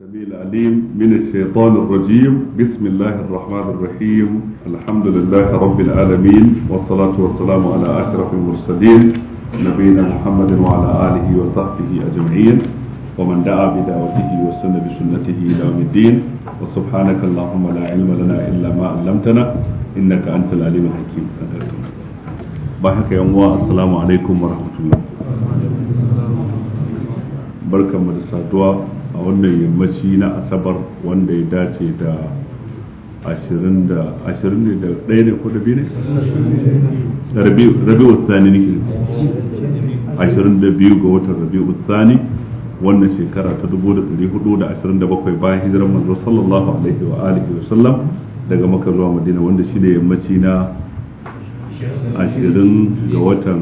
السميع العليم من الشيطان الرجيم بسم الله الرحمن الرحيم الحمد لله رب العالمين والصلاة والسلام على أشرف المرسلين نبينا محمد وعلى آله وصحبه أجمعين ومن دعا بدعوته وسن بسنته إلى يوم الدين وسبحانك اللهم لا علم لنا إلا ما علمتنا إنك أنت العليم الحكيم بحك يوم السلام عليكم ورحمة الله بركة مدرسة السادوة a wannan yammaci na asabar wanda ya dace da ashirin da ashirin ne da ɗaya ne ko da biyu ne? rabi'u tsani nake biyu ga watan rabi'u tsani wannan shekara ta da da da hudu ashirin bakwai bayan hijirar manzo sallallahu alaihi wa alihi wa sallam daga maka zuwa madina wanda shi ne yammaci na ashirin ga watan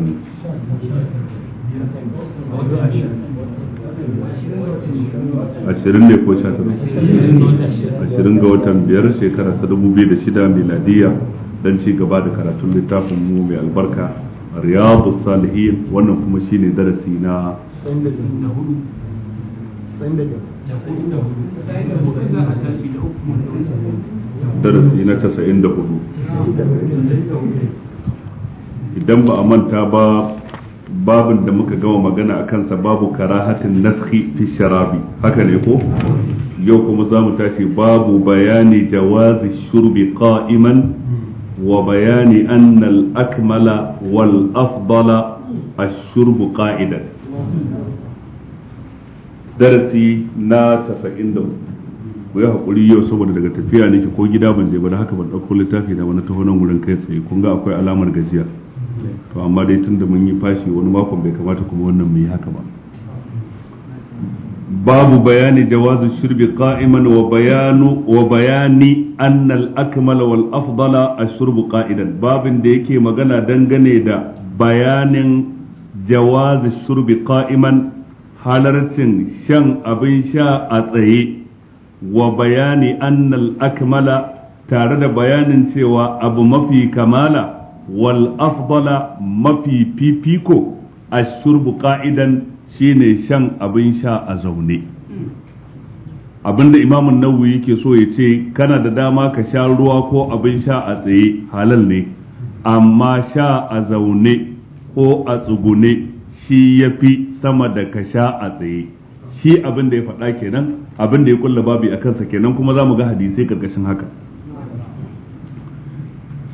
ashirin ne ko sha tara ashirin ga watan biyar shekara ta dubu biyu da shida miladiya don ci gaba da karatun littafin mu mai albarka riyadu salihin wannan kuma shine darasi na darasi na casa'in da hudu idan ba a manta ba babin da muka gama magana a kansa babu karahatin naskhi fi sharabi haka ne ko yau kuma za mu tashi babu bayani jawazi shurbi qa'iman wa bayani annal akmala wal afdala ash-shurbu qa'idan darasi na 94 ku yi hakuri yau saboda daga tafiya nake ko gida ban je ba da haka ban dauko littafi da wani taho nan gurin kai tsaye kun ga akwai alamar gajiya to amma dai tunda mun yi fashi wani makon bai kamata kuma wannan mu yi haka ba babu bayani jawazu shirbi qa'iman wa bayanu wa bayani anna al akmal wal afdala ash-shurbu qa'idan babin da yake magana dangane da bayanin jawazu shurbi qa'iman halarcin shan abin sha a tsaye wa bayani anna al-akmala tare da bayanin cewa abu mafi kamala wal afdala mafi fifiko ashurbu qa'idan shine shan abin sha a zaune abinda imamun nawawi yake so ya ce kana da dama ka sha ruwa ko abin sha a tsaye halal ne amma sha a zaune ko a tsugune shi ya fi sama da ka sha a tsaye shi abin ya faɗa kenan abinda ya kulla babi a kansa kenan kuma za mu ga hadisai karkashin haka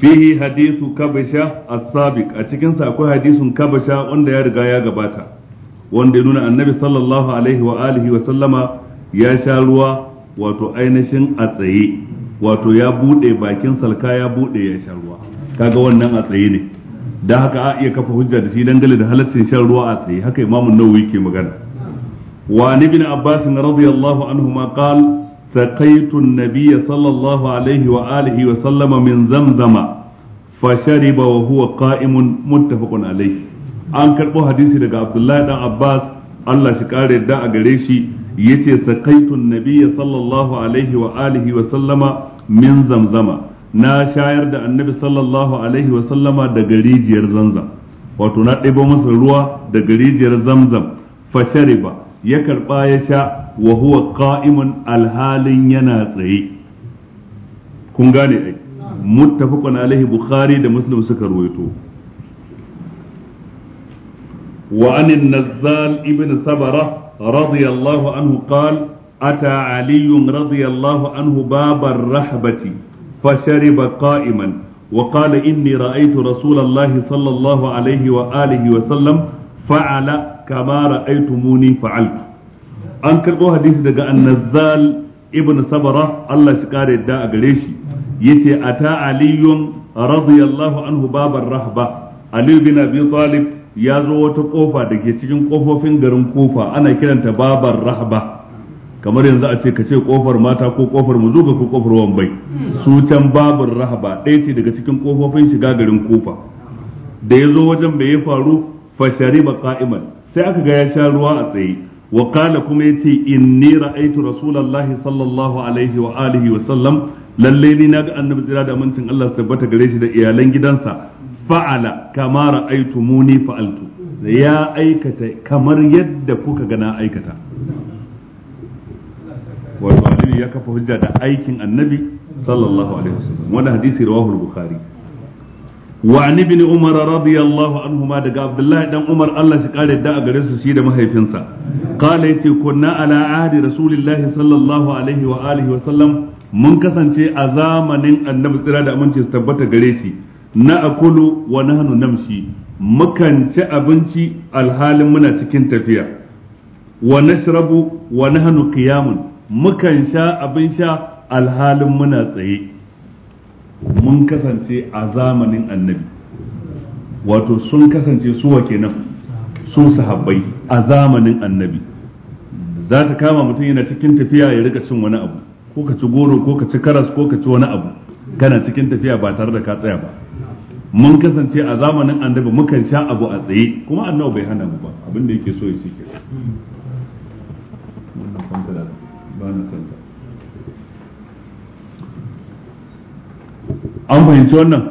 fihi hadisu kabasha a sabiq a cikinsa akwai hadisin kabasha wanda ya riga ya gabata wanda ya nuna annabi sallallahu alaihi wa alihi wa ya sha ruwa wato ainihin a tsaye wato ya bude bakin salka ya bude ya sha ruwa kaga wannan a tsaye ne da haka a iya kafa hujja da shi dangane da halaccin shan ruwa a tsaye haka imamu nawawi yake magana wa ibn abbas radiyallahu anhu ma qala سقيت النبي صلى الله عليه وآله وسلم من زمزم فشرب وهو قائم متفق عليه an karɓo hadisi daga abdullahi ɗan abbas allah shi kare da a gare shi Ya ce sakaitun Nabiya sallallahu alaihi wa alihi wa sallama min zamzama na shayar da annabi sallallahu alaihi wa sallama daga rijiyar zamzam wato na ɗebo masa ruwa daga rijiyar zamzam fa shariba ya karɓa ya sha wahuwa huwa alhalin yana tsaye kun gane ai muttafaqun alaihi bukhari da muslim suka ruwaito wa anin nazzal ibn sabara radiyallahu anhu qala ata ali radiyallahu anhu babar rahbati fashariba qa'iman وقال إني رأيت رسول الله صلى الله عليه وآله وسلم فعل كما رأيتموني فعلت an karɓo hadisi daga annazal ibn sabara Allah shi kare yadda a gare shi yace ata aliyun radiyallahu anhu babar rahba Aliyu bin abi talib ya zo wata kofa da ke cikin kofofin garin kofa ana kiranta babar rahba kamar yanzu a ce ka ce kofar mata ko kofar zuba ko kofar wambai su can babar rahba ɗaya ce daga cikin kofofin shiga garin kofa da ya zo wajen bai ya faru fashari ba ka'iman sai aka ga ya sha ruwa a tsaye wa kana kuma yace inni ra'aytu rasulullahi sallallahu alaihi wa alihi wa sallam lalle ni naga annabi tsira da amincin Allah su gare shi da iyalan gidansa fa'ala kama ra'aytumuni fa'altu ya aikata kamar yadda kuka gana aikata wato annabi ya kafa hujja aikin annabi sallallahu alaihi wasallam wannan hadisi rawahu al-bukhari wa an ibn umar radiyallahu anhuma daga abdullahi dan umar Allah ya kare da a su shi da mahaifinsa qala yace kunna ala ahdi rasulillahi sallallahu alaihi wa alihi wa sallam mun kasance a zamanin annabi tsira da aminci su tabbata gare shi na akulu wa nahnu namshi mukan ci abinci alhalin muna cikin tafiya wa nashrabu wa nahnu qiyamun mukan sha abin sha alhalin muna tsaye mun kasance a zamanin annabi wato sun kasance kenan su sahabbai a zamanin annabi za ta kama mutum yana cikin tafiya ya rika cin wani abu ko ka ci goro ko ka ci karas ko ka ci wani abu kana cikin tafiya ba tare da ka tsaya ba mun kasance a zamanin annabi mukan sha abu a tsaye kuma annabi bai hana mu ba abin da yake so ya sike an fahimci wannan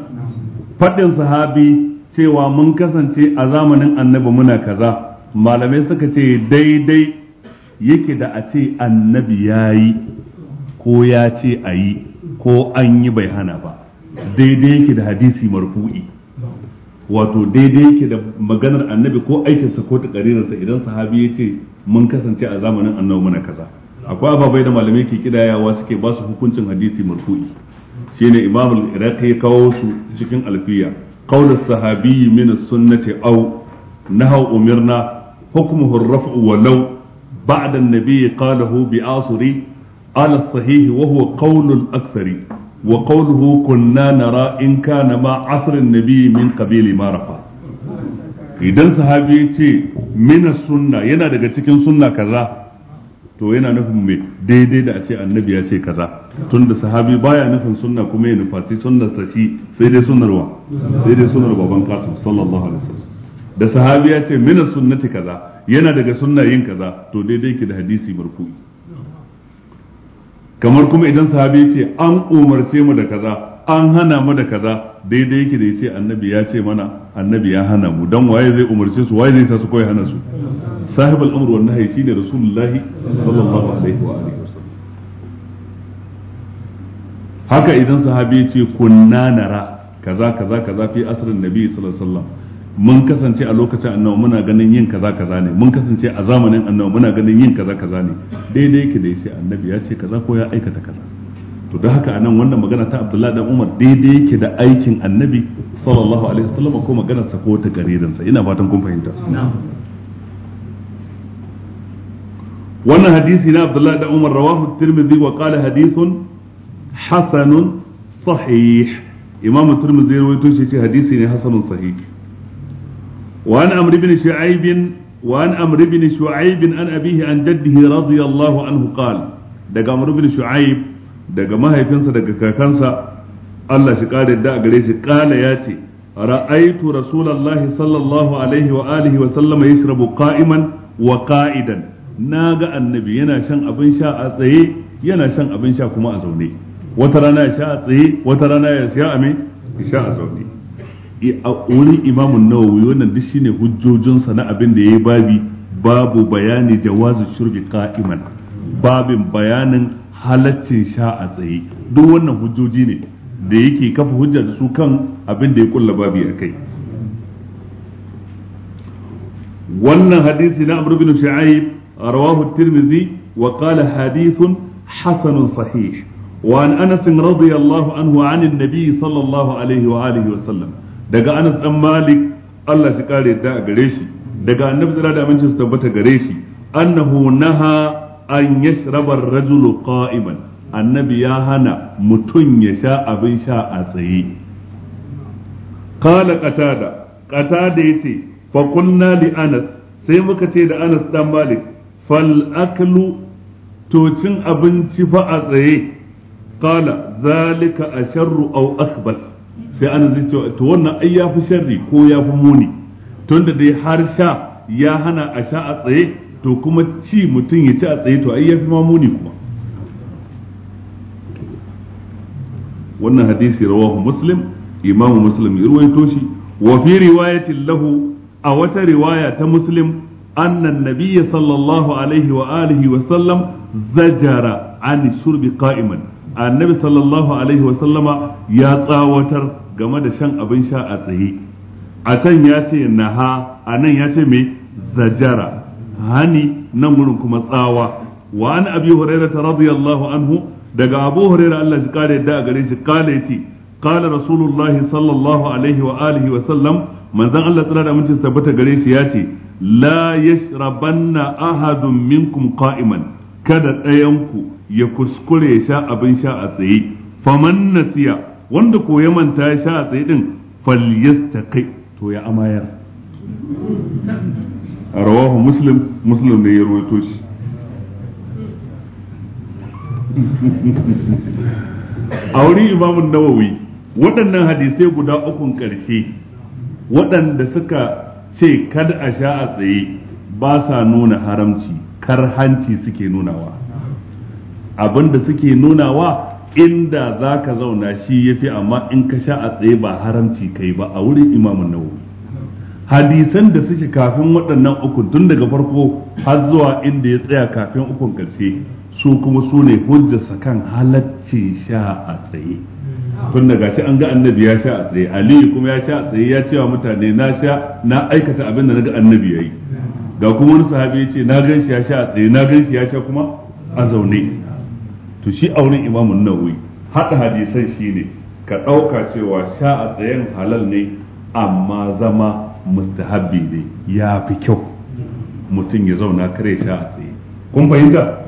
faɗin sahabi cewa mun kasance a zamanin annabi muna kaza malamai suka ce daidai yake da a ce annabi ya yi ko ya ce a yi ko an yi bai hana ba daidai yake da hadisi marfu'i wato daidai yake da maganar annabi ko aikinsa ko ta karirarsa idan sahabi ya ce mun kasance a zamanin annabi muna kaza akwai ababai da malamai ke kidayawa suke ba su hukuncin hadisi marfu'i shine imamul iraqi ya kawo su cikin alfiya قول الصحابي من السنة أو نهوا أمرنا حكمه الرفع ولو بعد النبي قاله بآصري على الصحيح وهو قول الأكثر وقوله كنا نرى إن كان ما عصر النبي من قبيل ما رفع idan sahabi ya ce mina sunna yana daga cikin sunna kaza to yana nufin mai daidai da a ce annabi ya ce kaza tun da sahabi baya nufin sunna kuma ya nufaci sunnar sa shi sai dai sunarwa sai dai sunar baban kasu sallallahu alaihi da sahabi ya ce mina sunnati kaza yana daga sunna yin kaza to daidai ki da hadisi marfu'i kamar kuma idan sahabi ya ce an umarce mu da kaza an hana mu da kaza daidai yake da yace annabi ya ce mana annabi ya hana mu dan waye zai umarce su waye zai sa su koyi hana su sahibul amr wan nahy shine rasulullahi sallallahu alaihi wa alihi haka idan sahabi ya ce kunna nara kaza kaza kaza fi asrin nabi sallallahu alaihi wasallam mun kasance a lokacin annabi muna ganin yin kaza kaza ne mun kasance a zamanin annabi muna ganin yin kaza kaza ne daidai yake da yace annabi ya ce kaza ko ya aikata kaza to don haka anan wannan magana ta Abdullahi dan Umar daidai yake da aikin Annabi sallallahu alaihi wasallam ko maganar sa ko ta karirin ina fatan kun fahimta wannan hadisi na Abdullahi dan Umar rawahu Tirmidhi wa qala hadithun hasanun sahih imam Tirmidhi rawaito shi ce hadisi ne hasanun sahih wa an amr ibn shu'aib وعن عمرو بن شعيب عن أبيه عن جده رضي الله عنه قال دق عمرو بن شعيب daga mahaifinsa daga kakansa Allah shi kare da gare shi kana ya ce ra'aitu rasulullahi sallallahu alaihi wa alihi wa sallama yashrabu qa'iman wa qa'idan naga annabi yana shan abin sha a tsaye yana shan abin sha kuma a zaune wata rana ya sha a tsaye wata rana ya sha a me ya sha a zaune a wurin imamun nawawi wannan duk shine hujjojinsa na abin da yayi babi babu bayani jawazu shurbi qa'iman babin bayanin halaccin sha a tsaye duk wannan hujjoji ne da yake kafa hujja da su kan abin da ya kulla babi a kai wannan hadisi na amr bin a rawahu tirmizi wa kala hadisun hasanun sahih wa an anasin radiyallahu anhu an nabi sallallahu alaihi wa alihi wa sallam daga anas dan malik Allah shi kare da gare shi daga annabi da aminci su tabbata gare shi annahu naha an yi shirabar rajulu ƙa’iman annabi ya hana mutum ya sha abin sha a tsaye kala Katada ƙatada ya fa qulna li anas sai muka ce da anas ɗan malik fal’aklu to cin abinci fa a tsaye kala zalika sharru au asbal sai anas ce, to wannan ai ya fi sharri ko ya fi muni tunda dai har sha ya hana a sha a tsaye to kuma ci mutum ya ci a tsaye to ai yafi mamuni kuma wannan hadisi rawahu muslim imamu muslim ya ruwaito shi wa fi riwayatin lahu a wata riwaya ta muslim أن sallallahu alaihi wa عليه wa sallam, zajara عن الشرب قائما Annabi sallallahu alaihi wa sallama, ya tsawatar game da shan abin sha a tsaye a can ya ce naha a nan ya ce me zajara hani nan gurin kuma tsawa wa an abi hurairah radiyallahu anhu daga abu huraira Allah shi kare a gare shi kale ce. qala rasulullahi sallallahu alaihi wa alihi wa sallam manzon Allah tsara da mutum tabbata gare shi ce, la yashrabanna ahadun minkum qa'iman kada ɗayan ku ya kuskure ya sha abin sha a tsaye faman nasiya wanda ko ya manta ya sha a tsaye din falyastaqi to ya amayar rawahu muslim muslim ne ya rawaito shi a wurin imamun nawawi waɗannan hadisai guda ukun ƙarshe waɗanda suka ce kada a sha a tsaye ba sa nuna haramci kar hanci suke nunawa abinda suke nunawa inda za ka zauna shi ya fi amma in ka sha a tsaye ba haramci kai ba a wurin imamun nawawi hadisan da suke kafin waɗannan ukun tun daga farko har zuwa inda ya tsaya kafin ukun ƙarshe su kuma su ne hujjarsa kan halacci sha a tsaye tun daga shi an ga annabi ya sha a tsaye aliyu kuma ya sha a tsaye ya ce mutane na sha na aikata abin da na ga annabi ya yi ga kuma wani sahabi ya ce na gan shi ya sha a tsaye na gan shi ya sha kuma a zaune to shi auren imamun nawawi haɗa hadisan shi ne ka ɗauka cewa sha a tsayen halal ne amma zama mustahabbi ne ya fi kyau mutum ya zauna kare sha a tsaye kun fahimta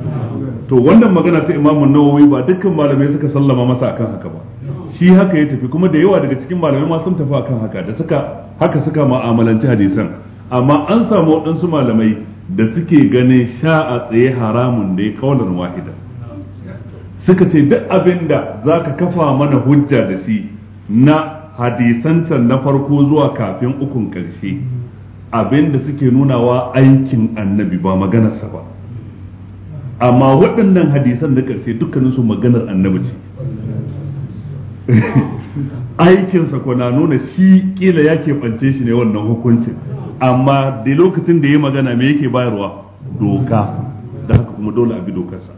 to wannan magana ta imamu nawawi ba dukkan malamai suka sallama masa akan haka ba shi haka ya tafi kuma da yawa daga cikin malamai ma sun tafi akan haka da suka haka suka ma'amalanci hadisan amma an samu waɗansu malamai da suke ganin sha a tsaye haramun ne kaunar wahida suka ce duk abin da za ka kafa mana hujja da shi na hadisansa na farko zuwa kafin ukun ƙarshe, abinda suke nunawa aikin annabi ba maganarsa ba amma waɗannan hadisan na karshe dukkaninsu maganar annabi ce aikinsa ko na nuna shi ƙila ya keɓance shi ne wannan hukuncin amma da lokacin da ya yi magana me yake bayarwa doka da haka kuma dole a bi dokarsa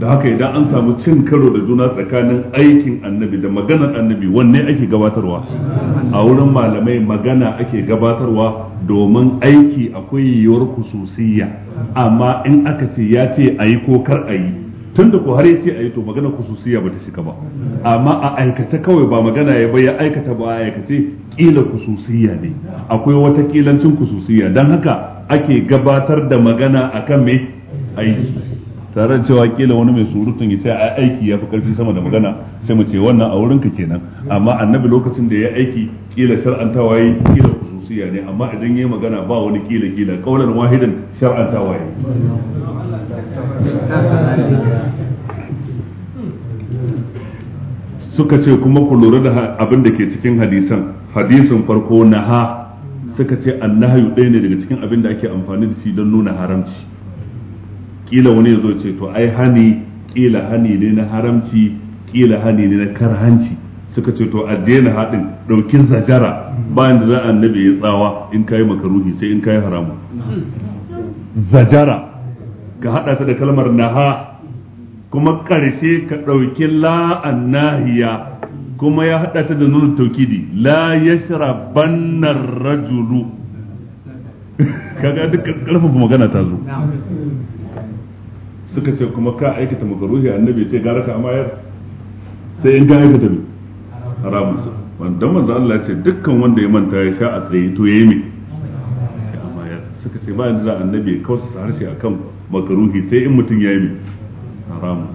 da haka idan an samu cin karo da juna tsakanin aikin annabi da maganar annabi wanne ake gabatarwa a wurin malamai magana ake gabatarwa domin aiki akwai yiwuwar kususiyya amma in aka ce ya ce a yi ko kar a yi tun da ko har ya ce a yi to maganar kususiya ba ta shiga ba amma a aikace kawai ba magana ya bai ya aikata ba a aikace kila kususiyya ne akwai wata kilancin kususiyya don haka ake gabatar da magana akan me aiki tare da cewa kila wani mai surutun ya sai a aiki ya fi karfi sama da magana sai mu ce wannan a wurinka kenan amma annabi lokacin da ya aiki kila shar'antawa yi kila khususiya ne amma idan yayi magana ba wani kila kila kaulan wahidin shar'antawa yi suka ce kuma ku lura da abin da ke cikin hadisan hadisin farko naha suka ce annahayu ɗaya ne daga cikin abin da ake amfani da shi don nuna haramci kila wani zo ce to ai hani kila hani ne na haramci kila hani ne na karhanci suka ce to a daina haɗin ɗaukin zajara bayan da za a annabi ya tsawa in kayi makaruhi sai in kayi haramu zajara ka haɗa ta da kalmar naha kuma ƙarshe ka ɗauki la'an nahiya kuma ya haɗa ta da nuna taukidi la shira bannar rajulu kaga duk ƙarfafa magana ta zo suka ce kuma ka aikata makaruhi annabi ce gara ka amayar sai in ka aikata mai haramun sa wanda manzo Allah ya ce dukkan wanda ya manta ya sha a tsaye to yayi mai ya amayar suka ce ba yanzu annabi ya kausa harshe akan makaruhi sai in mutum yayi mai haramun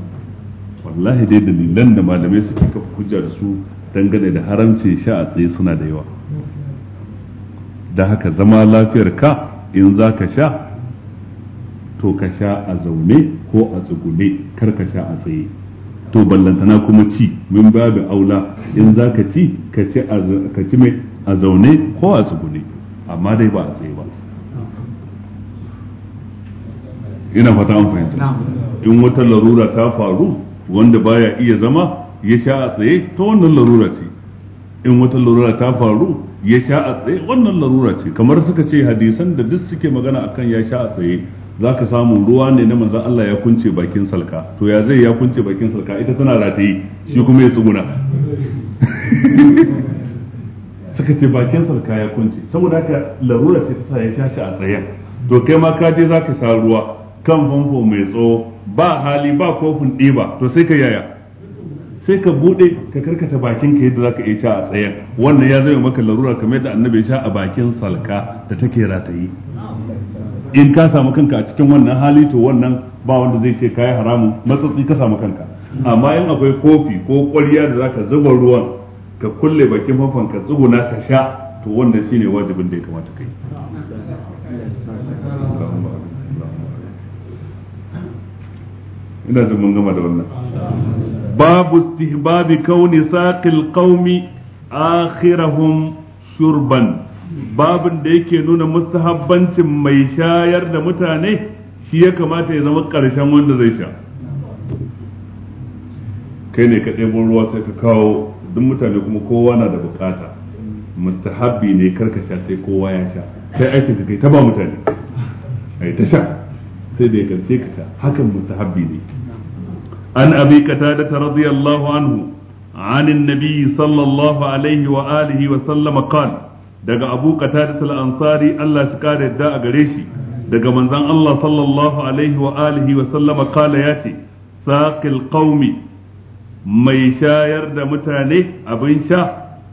wallahi dai dalilan da malamai suke kafa hujja da su dangane da haramci sha a tsaye suna da yawa da haka zama lafiyar ka in za ka sha to ka sha a zaune ko a tsugune karka sha a tsaye to ballantana kuma ci min babu aula in za ka ci ka ci mai a zaune ko a tsugune amma dai ba a tsaye ba ina fata an fahimta in wata larura ta faru wanda baya iya zama ya sha a tsaye ta wannan larura ce in wata larura ta faru ya sha a tsaye wannan larura ce kamar suka ce hadisan da duk suke magana akan ya sha a tsaye za ka samu ruwa ne na manzan Allah ya kunce bakin salka to ya zai ya kunce bakin salka ita tana rataye shi kuma ya tsuguna suka ce bakin salka ya kunce saboda haka larura ce ta sa ya shashi a tsayen to kai ma ka je za ka sha ruwa kan famfo mai tsawo ba hali ba kofin ɗiba to sai ka yaya sai ka bude ka karkata bakin ka yadda zaka iya sha a tsayen wannan ya zama maka larura kamar yadda annabi ya sha a bakin salka da take rataye in ka samu kanka a cikin wannan hali to wannan ba wanda zai ce kai haramun matsatsi ka samu kanka amma in akwai kofi ko ƙwarya da zaka zuba ruwan ka kulle bakin famfon ka tsuguna ka sha to wanda shine wajibin da ya kamata kai ina jin mun gama da wannan babu istihbabi kauni saqil qaumi akhirahum shurban babin da yake nuna mustahabbancin mai shayar da mutane shi ya kamata ya zama ƙarshen wanda zai sha kai ne ka ɗebo ruwa sai ka kawo duk mutane kuma kowa na da bukata mustahabbi ne karka sha sai kowa ya sha sai aikin ka kai ta ba mutane ai ta sha sai da ya sai ka sha hakan mustahabbi ne an abi qatada radiyallahu anhu عن النبي صلى الله عليه وآله وسلم قال daga Abu Qatada al-Ansari Allah shi kare yadda a gare shi daga manzon Allah sallallahu alaihi wa alihi wa sallama kala ce, saqil qaumi mai shayar da mutane abin sha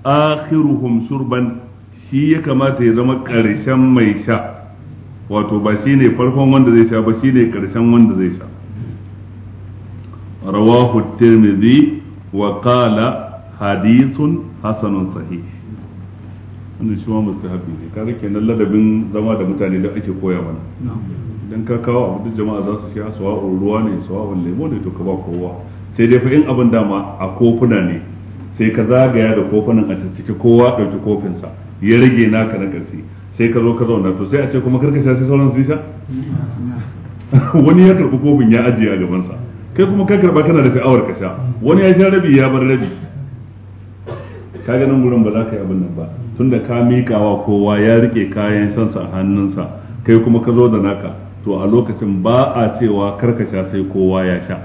akhiruhum shurban shi ya kamata ya zama ƙarshen mai sha wato ba ne farkon wanda zai sha ba ne ƙarshen wanda zai sha rawahu tirmidhi wa qala hadithun hasanun sahih wanda shi ma mustahabi ne kaga kenan ladabin zama da mutane da ake koya mana idan ka kawo abu duk jama'a za su sha sawa'un ruwa ne sawa'un lemo ne to ka ba kowa sai dai fa in abin dama a kofuna ne sai ka zagaya da kofunan a cikin kowa ɗauki kofinsa ya rage naka na ƙarshe sai ka zo ka zauna to sai a ce kuma karka sha sai sauran su sha wani ya karɓi kofin ya ajiye a gaban sa. kai kuma ka karɓa kana da sha'awar ka sha wani ya sha rabi ya bar rabi ka ganin gurin ba za ka yi abin nan ba tunda ka mika wa kowa ya rike kayan sansa a hannunsa kai kuma ka zo da naka to a lokacin ba a cewa karka sha sai kowa ya sha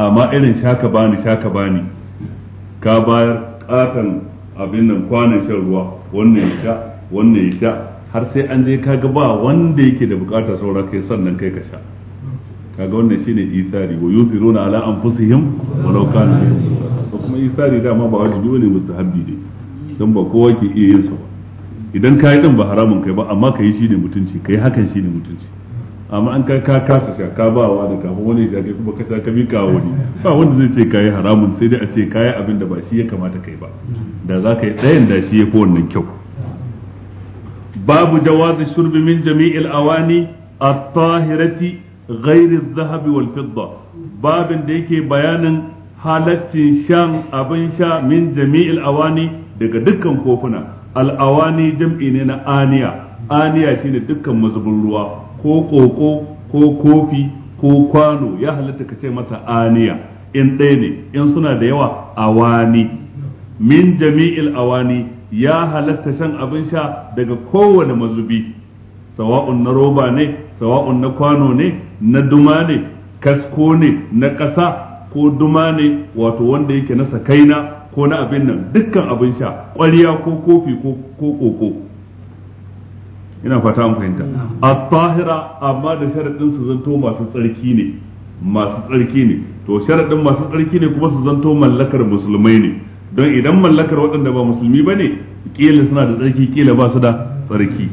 amma irin shaka bani shaka bani ka bayar katon abin nan kwanan shan ruwa wannan ya sha wannan ya sha har sai an je kaga ba wanda yake da bukata saura kai sannan kai ka sha kaga wannan shine isari wa yusiruna ala anfusihim walau kana yusiruna kuma isari dama ba wajibi ne mustahabbi ne don ba kowa ke iya yin sa ba idan ka yi din ba haramun kai ba amma ka yi shi ne mutunci ka yi hakan shi ne mutunci amma an ka ka kasa sha ka ba wa da kafin wani ya kuma ka bi ka wani ba wanda zai ce ka yi haramun sai dai a ce ka yi abin da ba shi ya kamata kai ba da za ka yi ɗayan da shi ya fi wannan kyau babu jawazi shurbi min jami'il awani at-tahirati ghairi adh-dhahab wal fidda babin da yake bayanin halaccin shan abin sha min jami'il awani daga dukkan kofuna al'awani jam'i ne na aniya aniya shine dukkan mazubin ruwa ko koko ko kofi ko kwano ya halatta ka ce masa aniya in ɗaya ne in suna da yawa awani min jami'il awani ya halatta shan abin sha daga kowane mazubi sawa'un na roba ne sawa'un na kwano ne na duma ne kasko ne na ƙasa ko duma ne wato wanda yake na sakaina ko na abin nan dukkan abin sha ƙwariya ko kofi ko koko ina fata an fahimta a tahira amma da sharaɗin su zanto masu tsarki ne masu tsarki ne to sharaɗin masu tsarki ne kuma su zanto mallakar musulmai ne don idan mallakar waɗanda ba musulmi ba ne kila suna da tsarki kila ba su da tsarki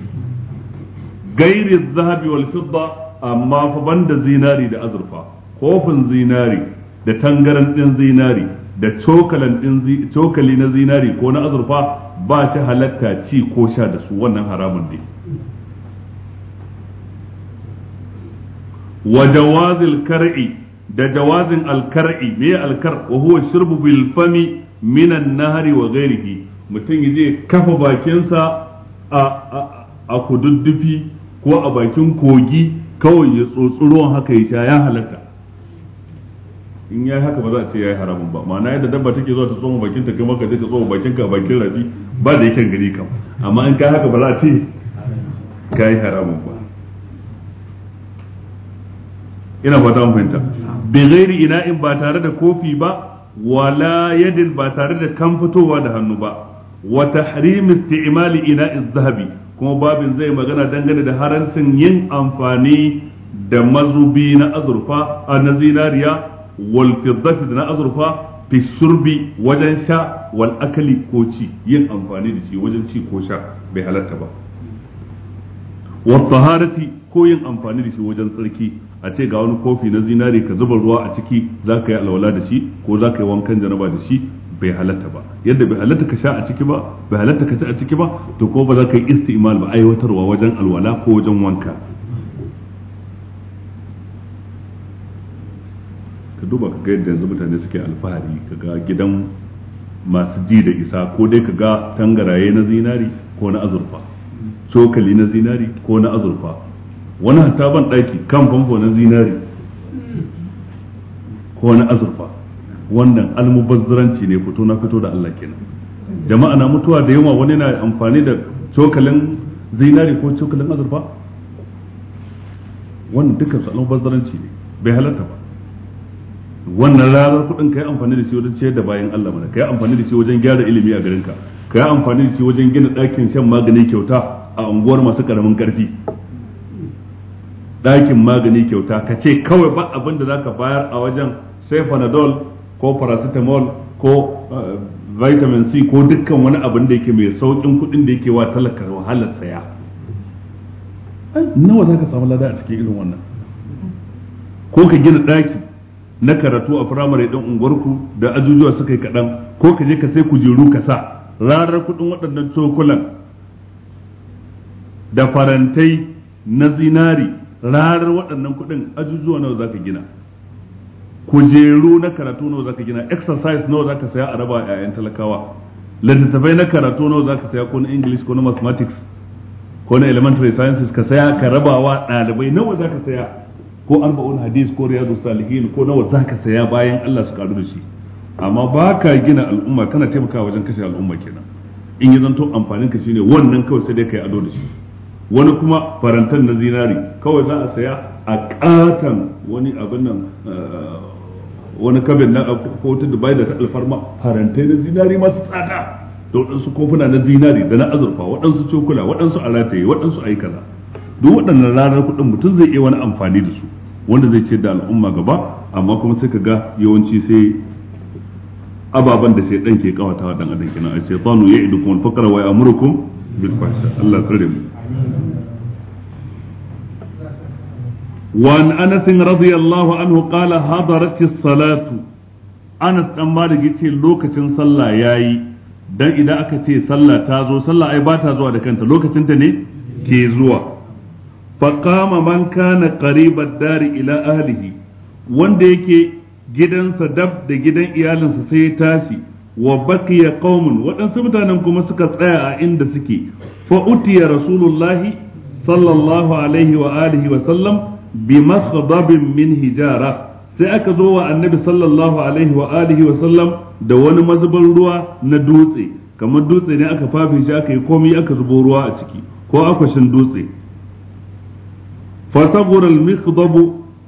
gairi zahabi wal fidda amma fa banda zinari da azurfa kofin zinari da tangaran ɗin zinari da cokali na zinari ko na azurfa ba shi halatta ci ko sha da su wannan haramun ne wa jawazil kar'i da jawazin alkar'i me alkar wa huwa shurbu bil fami minan nahari wa ghairihi mutum yaje kafa bakinsa a a kududdufi ko a bakin kogi kawai ya tsotsuruwan haka ya sha ya halatta in yayi haka ba za a ce yayi haramun ba ma'ana yadda dabba take zuwa ta tsoma bakin ta kuma ka je ka tsoma bakin ka bakin rafi ba da yake gani kam amma in ka haka ba za a ce kai haramun ba ina fata mun fahimta bi ghairi ina'in ba tare da kofi ba wala yadin ba tare da kan fitowa da hannu ba wa tahrim isti'mali ina'iz zahabi kuma babin zai magana dangane da harancin yin amfani da mazubi na azurfa a na zinariya wal da na azurfa fi surbi wajen sha wal akali ko ci yin amfani da shi wajen ci ko sha bai halatta ba wa taharati ko yin amfani da shi wajen tsarki a ce ga wani kofi na zinari ka zuba ruwa a ciki za ka yi alwala da shi ko za ka yi wankan janaba da shi bai halatta ba yadda bai halatta ka sha a ciki ba bai halatta ka ci a ciki ba to ko ba za ka yi istimal ba aiwatarwa wajen alwala ko wajen wanka ka duba ka ga yadda yanzu mutane suke alfahari ka ga gidan masu ji da isa ko dai ka ga tangaraye na zinari ko na azurfa cokali na zinari ko na azurfa wani hatta ban ɗaki kan famfo na zinari ko na azurfa wannan almubazzaranci ne fito na fito da Allah kenan jama'a na mutuwa da yawa wani na amfani da cokalin zinari ko cokalin azurfa wannan dukkan su almubazzaranci ne bai halatta ba wannan ranar kuɗin ka yi amfani da shi wajen ciyar da bayan Allah mana ka yi amfani da shi wajen gyara ilimi a garinka ka yi amfani da shi wajen gina ɗakin shan magani kyauta a unguwar masu ƙaramin ƙarfi ɗakin magani kyauta ka ce kawai ba abin da zaka bayar a wajen sai panadol ko paracetamol ko eh, vitamin C ko dukkan wani abin da yake mai sauƙin kuɗin da yake wa talaka wahalar saya nawa zaka samu lada a cikin irin wannan ko ka gina ɗaki na karatu a firamare ɗin unguwarku da ajujuwa suka yi kaɗan ko ka je ka sai kujeru ka sa ranar kuɗin waɗannan cokulan da farantai na zinari ranar waɗannan kuɗin ajujuwa nawa za ka gina kujeru na karatu nawa za ka gina exercise nawa za ka saya a raba yayan talakawa littattafai na karatu nawa za ka saya ko na english ko na mathematics ko na elementary sciences ka saya ka rabawa ɗalibai nawa za ka saya ko arba'un hadis ko riyadu salihin ko nawa zaka saya bayan Allah su karu da shi amma ba ka gina al'umma kana taimakawa wajen kashe al'umma kenan in ya zanto amfanin ka shine wannan kawai sai dai kai ado da shi wani kuma farantan na zinari kawai za a saya a katan wani abin nan eh, wani kabin na ko ta dubai da ta alfarma farantai na zinari masu tsada da waɗansu kofuna na zinari da na azurfa waɗansu cokula waɗansu a rataye waɗansu a yi kaza duk waɗannan ranar kuɗin mutum zai iya wani amfani da su wanda zai ce da al'umma gaba amma kuma sai ka ga yawanci sai ababen da sai ɗan ke wa dan adam kenan a shaytanu ya'idukum al-faqra wa ya'murukum bil fasha Allah kare mu وعن انس radiyallahu anhu qala hadarat as salatu anas dan malik yace lokacin sallah yayi dan idan aka ce sallah ta zo sallah ai ba ta zuwa da kanta lokacin ta ne ke zuwa faqama man kana karibar dari ila ahlihi wanda yake gidansa dab da gidan iyalinsa sai ya tashi wa baqiya qaumun waɗansu mutanen kuma suka tsaya a inda suke fa utiya rasulullahi sallallahu alaihi wa alihi wa sallam bi makhdabin min hijara sai aka zo wa annabi sallallahu alaihi wa alihi wa sallam da wani mazubin ruwa na dutse kamar dutse ne aka fafe shi aka yi komai aka zubo ruwa a ciki ko akwashin dutse fa saghura al-mikhdab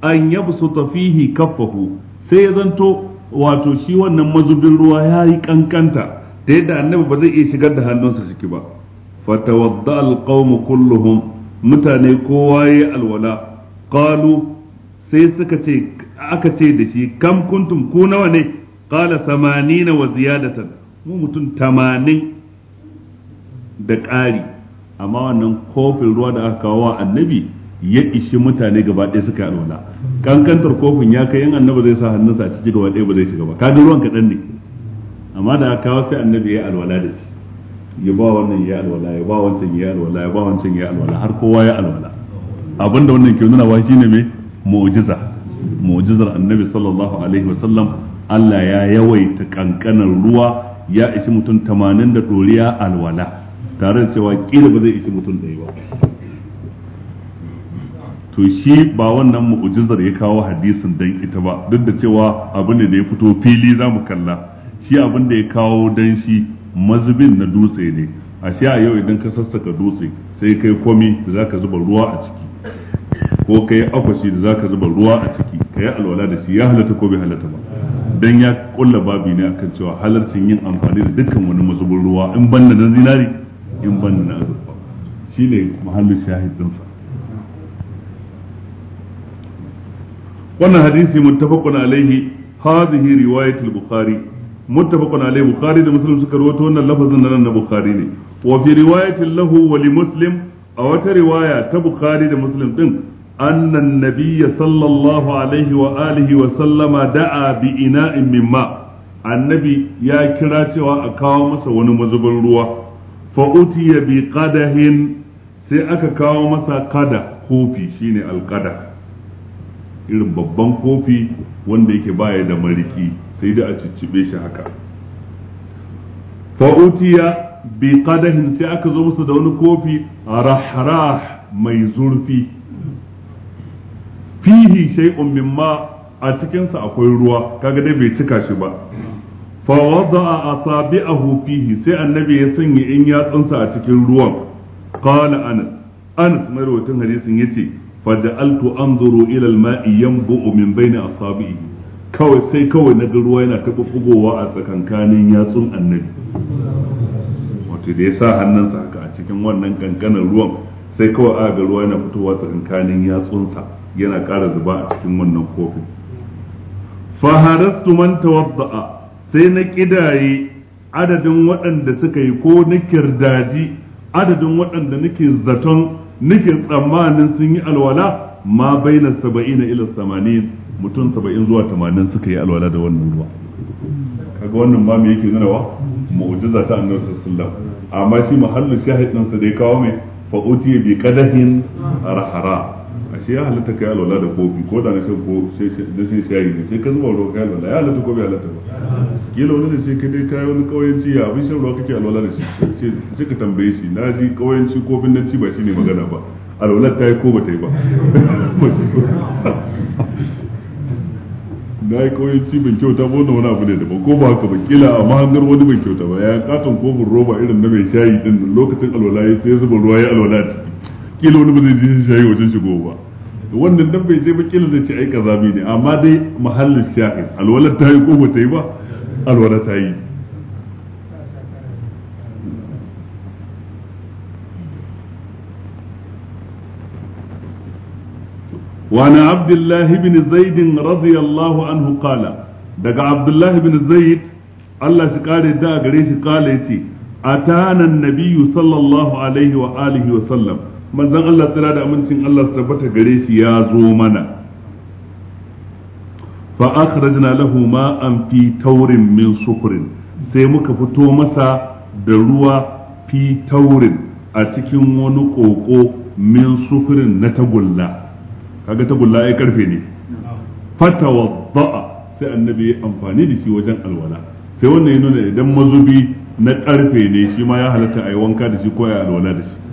an yabsuta fihi kaffahu sai ya zanto wato shi wannan mazubin ruwa ya yi kankanta ta yadda annabi ba zai iya shigar da hannunsa ciki ba fatawadda alqawmu kulluhum mutane kowa alwala qalu sai suka ce aka ce da shi kam kuntum ku nawa ne qala 80 wa ziyadatan mu mutum 80 da ƙari amma wannan kofin ruwa da aka kawo wa annabi ya ishi mutane gaba ɗaya suka alwala kankantar kofin ya kai yan annabi zai sa hannunsa a ciki gaba ɗaya ba zai shiga ba kaji ruwan kaɗan ne amma da kawo sai annabi ya alwala da shi ya ba wannan ya alwala ya ba wancan ya alwala ya ba wancan ya alwala har kowa ya alwala abinda wannan ke nuna wa shine me mu'jiza mu'jizar annabi sallallahu alaihi wa sallam Allah ya yawaita kankanar ruwa ya ishi mutum 80 da doriya alwala tare da cewa kila ba zai ishi mutum ɗaya ba to shi ba wannan mu'ujizar ya kawo hadisin dan ita ba duk da cewa abin da ya fito fili za mu kalla shi abin da ya kawo dan shi mazubin na dutse ne a shi a yau idan ka sassaka dutse sai kai komi da zaka zuba ruwa a ciki ko kai akwashi da zaka zuba ruwa a ciki kai alwala da shi ya halatta ko bai halatta ba dan ya kulla babi ne akan cewa halarcin yin amfani da dukkan wani mazubin ruwa in banda na zinari in banda na azurfa shine mahallin shahidinsa wannan hadisi muttafaqun alaihi hadhihi riwayatul bukhari muttafaqun alaihi bukhari da muslim suka rawaito wannan lafazin nan na bukhari ne wa fi riwayatin lahu wa li muslim a wata riwaya ta bukhari da muslim din wa sallama da'a bi عليه وآله وسلم دعا بإناء من a kawo masa wani وأكاو ruwa ونمزب الروا bi بقده sai aka kawo masa kada kofi shine alkada irin babban kofi wanda yake baya da mariki sai da a ciccibe shi haka fa'utiya bi qadahin sai aka zo musu da wani kofi rahrah mai zurfi fihi shay'un mimma a cikinsa akwai ruwa kaga dai bai cika shi ba fa wada'a asabi'ahu fihi sai annabi ya sanya in yatsunsa a cikin ruwan qala anas anas mai rawatin hadisin yace faja'altu anzuru ila al-ma'i yanbu'u min bayni asabi'i kawai sai kawai na ruwa yana ta bugowa a tsakankanin yatsun annabi wato da ya sa hannunsa haka a cikin wannan kankanin ruwan sai kawai aka ga ruwa yana fitowa tsakankanin yatsunsa yana ƙara zuba a cikin wannan kofin faharastu man tawadda'a sai na kidaye adadin waɗanda suka yi ko na kirdaji adadin waɗanda nake zaton nake tsammanin sun yi alwala ma bainar saba'ina ila samanin mutum saba'in zuwa tamanin suka yi alwala da wannan ruwa kaga wannan ma me yake nuna wa mu'jiza ta annabi sallallahu alaihi wasallam amma shi muhallin shahid din sa da ya kawo mai fa utiya bi qadahin rahara sai ya halatta kai alwala da kofi ko da na shan ko sai da sai shayi ne sai ka zuba ruwa kai alwala ya halatta ko bai halatta ba kila wani da sai ka dai kai wani kauyanci ya abin shan ruwa kake alwala da shi sai ka tambaye shi na ji kauyanci bin nan ci ba shine magana ba alwalar ta yi ko ba ta yi ba na yi kauyanci ban kyauta ba wani abu ne daban ko ba haka ba kila a mahangar wani ban kyauta ba ya katon kofin roba irin na mai shayi din lokacin alwala ya sai zuba ruwa ya alwala ciki kila wani ba zai ji shayi wajen shigo ba wannan dan bai je ba kila zai ce ai kazabi ne amma dai mahallin shahid alwala ta yi ko ba ta yi ba alwala ta yi وعن عبد الله بن زيد رضي الله عنه قال دقى عبد الله بن زيد الله شكال دا قريش قال يتي أتانا النبي صلى الله عليه وآله وسلم manzan Allah tsira da amincin Allah su tabbata gare shi ya zo mana fa akhrajna lahu ma'an fi taurin min sukurin sai muka fito masa da ruwa fi taurin a cikin wani koko min sufurin na tagulla kaga tagulla ai karfe ne ba'a sai annabi ya amfani da shi wajen alwala sai wannan ya nuna idan mazubi na karfe ne shi ma ya halatta a yi wanka da shi ko ya alwala da shi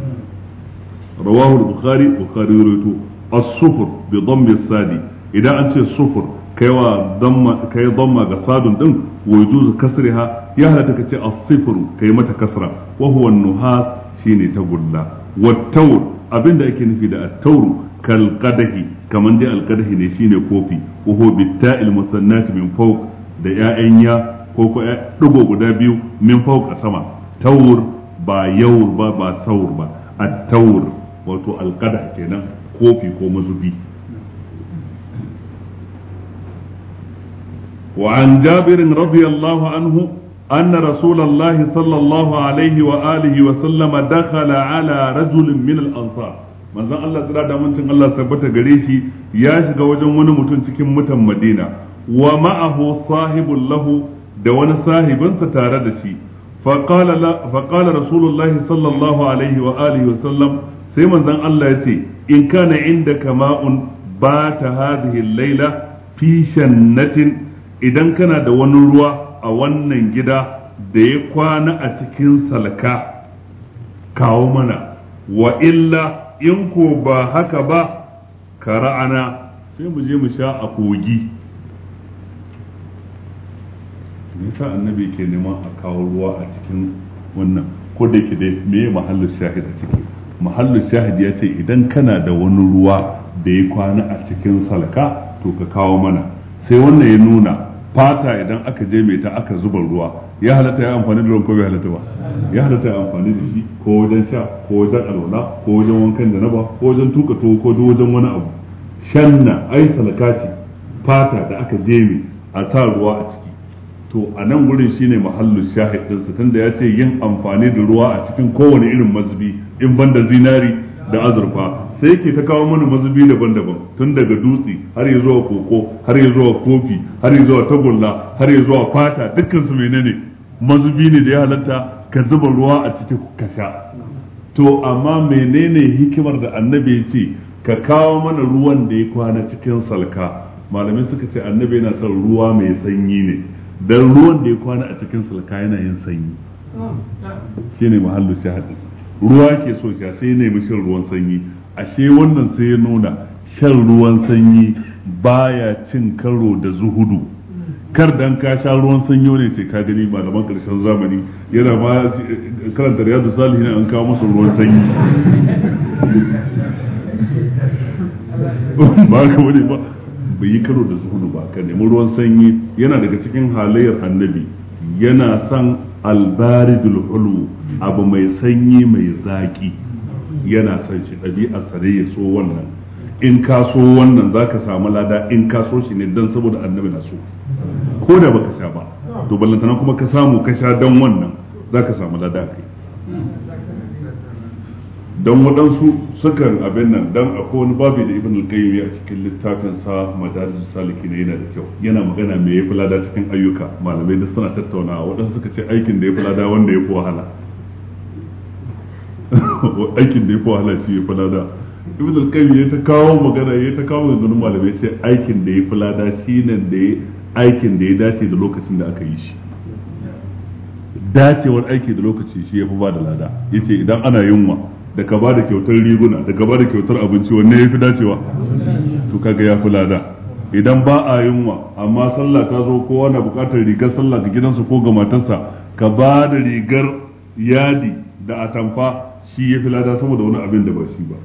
rawahu al-bukhari bukhari rawaito sufur bi dhammi as-sadi idan an ce sufur kaiwa damma kai ga sadun din wa yujuzu kasriha ya halatta kace as-sifru kai mata kasra wa huwa an-nuhas shine tagulla wa tawr abinda ake nufi da at-tawr kal qadahi kaman dai al ne shine kofi wa huwa bit min fawq da ya'yan ya ko ko guda biyu min fawq a sama tawr ba yawr ba ba ba at wato alkada kenan kofi ko mazubi وعن جابر رضي الله عنه أن رسول الله صلى الله عليه وآله وسلم دخل على رجل من الأنصار manzon Allah tsira da mincin Allah tabbata gare shi ya shiga wajen wani mutum cikin mutan Madina wa ma'ahu sahibul lahu da wani sahibinsa tare da shi fa qala rasulullah sallallahu alaihi wa sallam sai manzon Allah ya ce in kana inda kama'un ba ta hadhihi laila fi shannatin idan kana da wani ruwa a wannan gida da ya kwana a cikin salka kawo mana wa illa in ko ba haka ba kara'ana sai mu je mu sha a kogi nisa annabi ke neman a kawo ruwa a cikin wannan ko da ke dai me mahallin shahid a ciki mahallu shahid ya ce idan kana da wani ruwa da ya kwana a cikin salka to ka kawo mana sai wannan ya nuna fata idan aka je mai ta aka zuba ruwa ya halatta ya amfani da ruwan ko bai halatta ba ya halatta ya amfani da shi ko wajen sha ko wajen alwala ko wajen wankan da na ba ko wajen tuka to ko wajen wani abu shanna ai salka ce fata da aka je mai a sa ruwa a ciki to a nan gurin shine mahallu shahid din sa tunda ya ce yin amfani da ruwa a cikin kowane irin mazubi in da zinari da azurfa sai yake ta kawo mana mazubi daban-daban tun daga dutse har ya zuwa koko har ya zuwa kofi har ya zuwa tagulla har ya zuwa fata dukkan su menene mazubi ne da ya halatta ka zuba ruwa a cikin ka sha to amma menene hikimar da annabi ya ce ka kawo mana ruwan da ya kwana cikin salka malamai suka ce annabi yana son ruwa mai sanyi ne dan ruwan da ya kwana a cikin salka yana yin sanyi oh, shine mahallu shahadin ruwa ke so sha sai mu shan ruwan sanyi ashe wannan sai ya nuna shan ruwan sanyi baya cin karo da zuhudu kar dan ka sha ruwan sanyo ne sai ka gani malaman karshen zamani yana ma karanta riyadu salihin an kawo musu ruwan sanyi ba ka wani ba bai yi karo da zuhudu ba ka nemi ruwan sanyi yana daga cikin halayyar annabi yana son albaridul hulu abu mai sanyi mai zaƙi yana son shi ɗabi'ar tsare ya so wannan in ka so wannan za ka samu lada in ka so shi ne don saboda annabi na so ko da baka sha ba to ballantana kuma ka samu ka sha dan wannan za ka samu lada kai Don waɗansu sukan abin nan don akwai wani babu da ibn al-qayyim a cikin littafin sa madarij salikin yana da kyau yana magana me yafi lada cikin ayyuka malamai da suna tattaunawa waɗansu suka ce aikin da yafi lada wanda ya fi wahala aikin da ya fi wahala shi ya fi lada ibn al-qayyim ya ta kawo magana ya ta kawo maganganun malamai sai aikin da ya fi lada shine da ya aikin da ya dace da lokacin da aka yi shi dacewar aiki da lokaci shi ya fi ba da lada yace idan ana yunwa da ka ba da kyautar riguna da ka ba da kyautar abinci wanne ya fi dacewa to kaga ya fi lada idan ba a yunwa amma sallah ta zo kowa na bukatar rigar sallah ga gidansa ko ga matarsa ka ba da rigar yadi da atamfa shi ya fi lada sama da wani abin da ba shi ba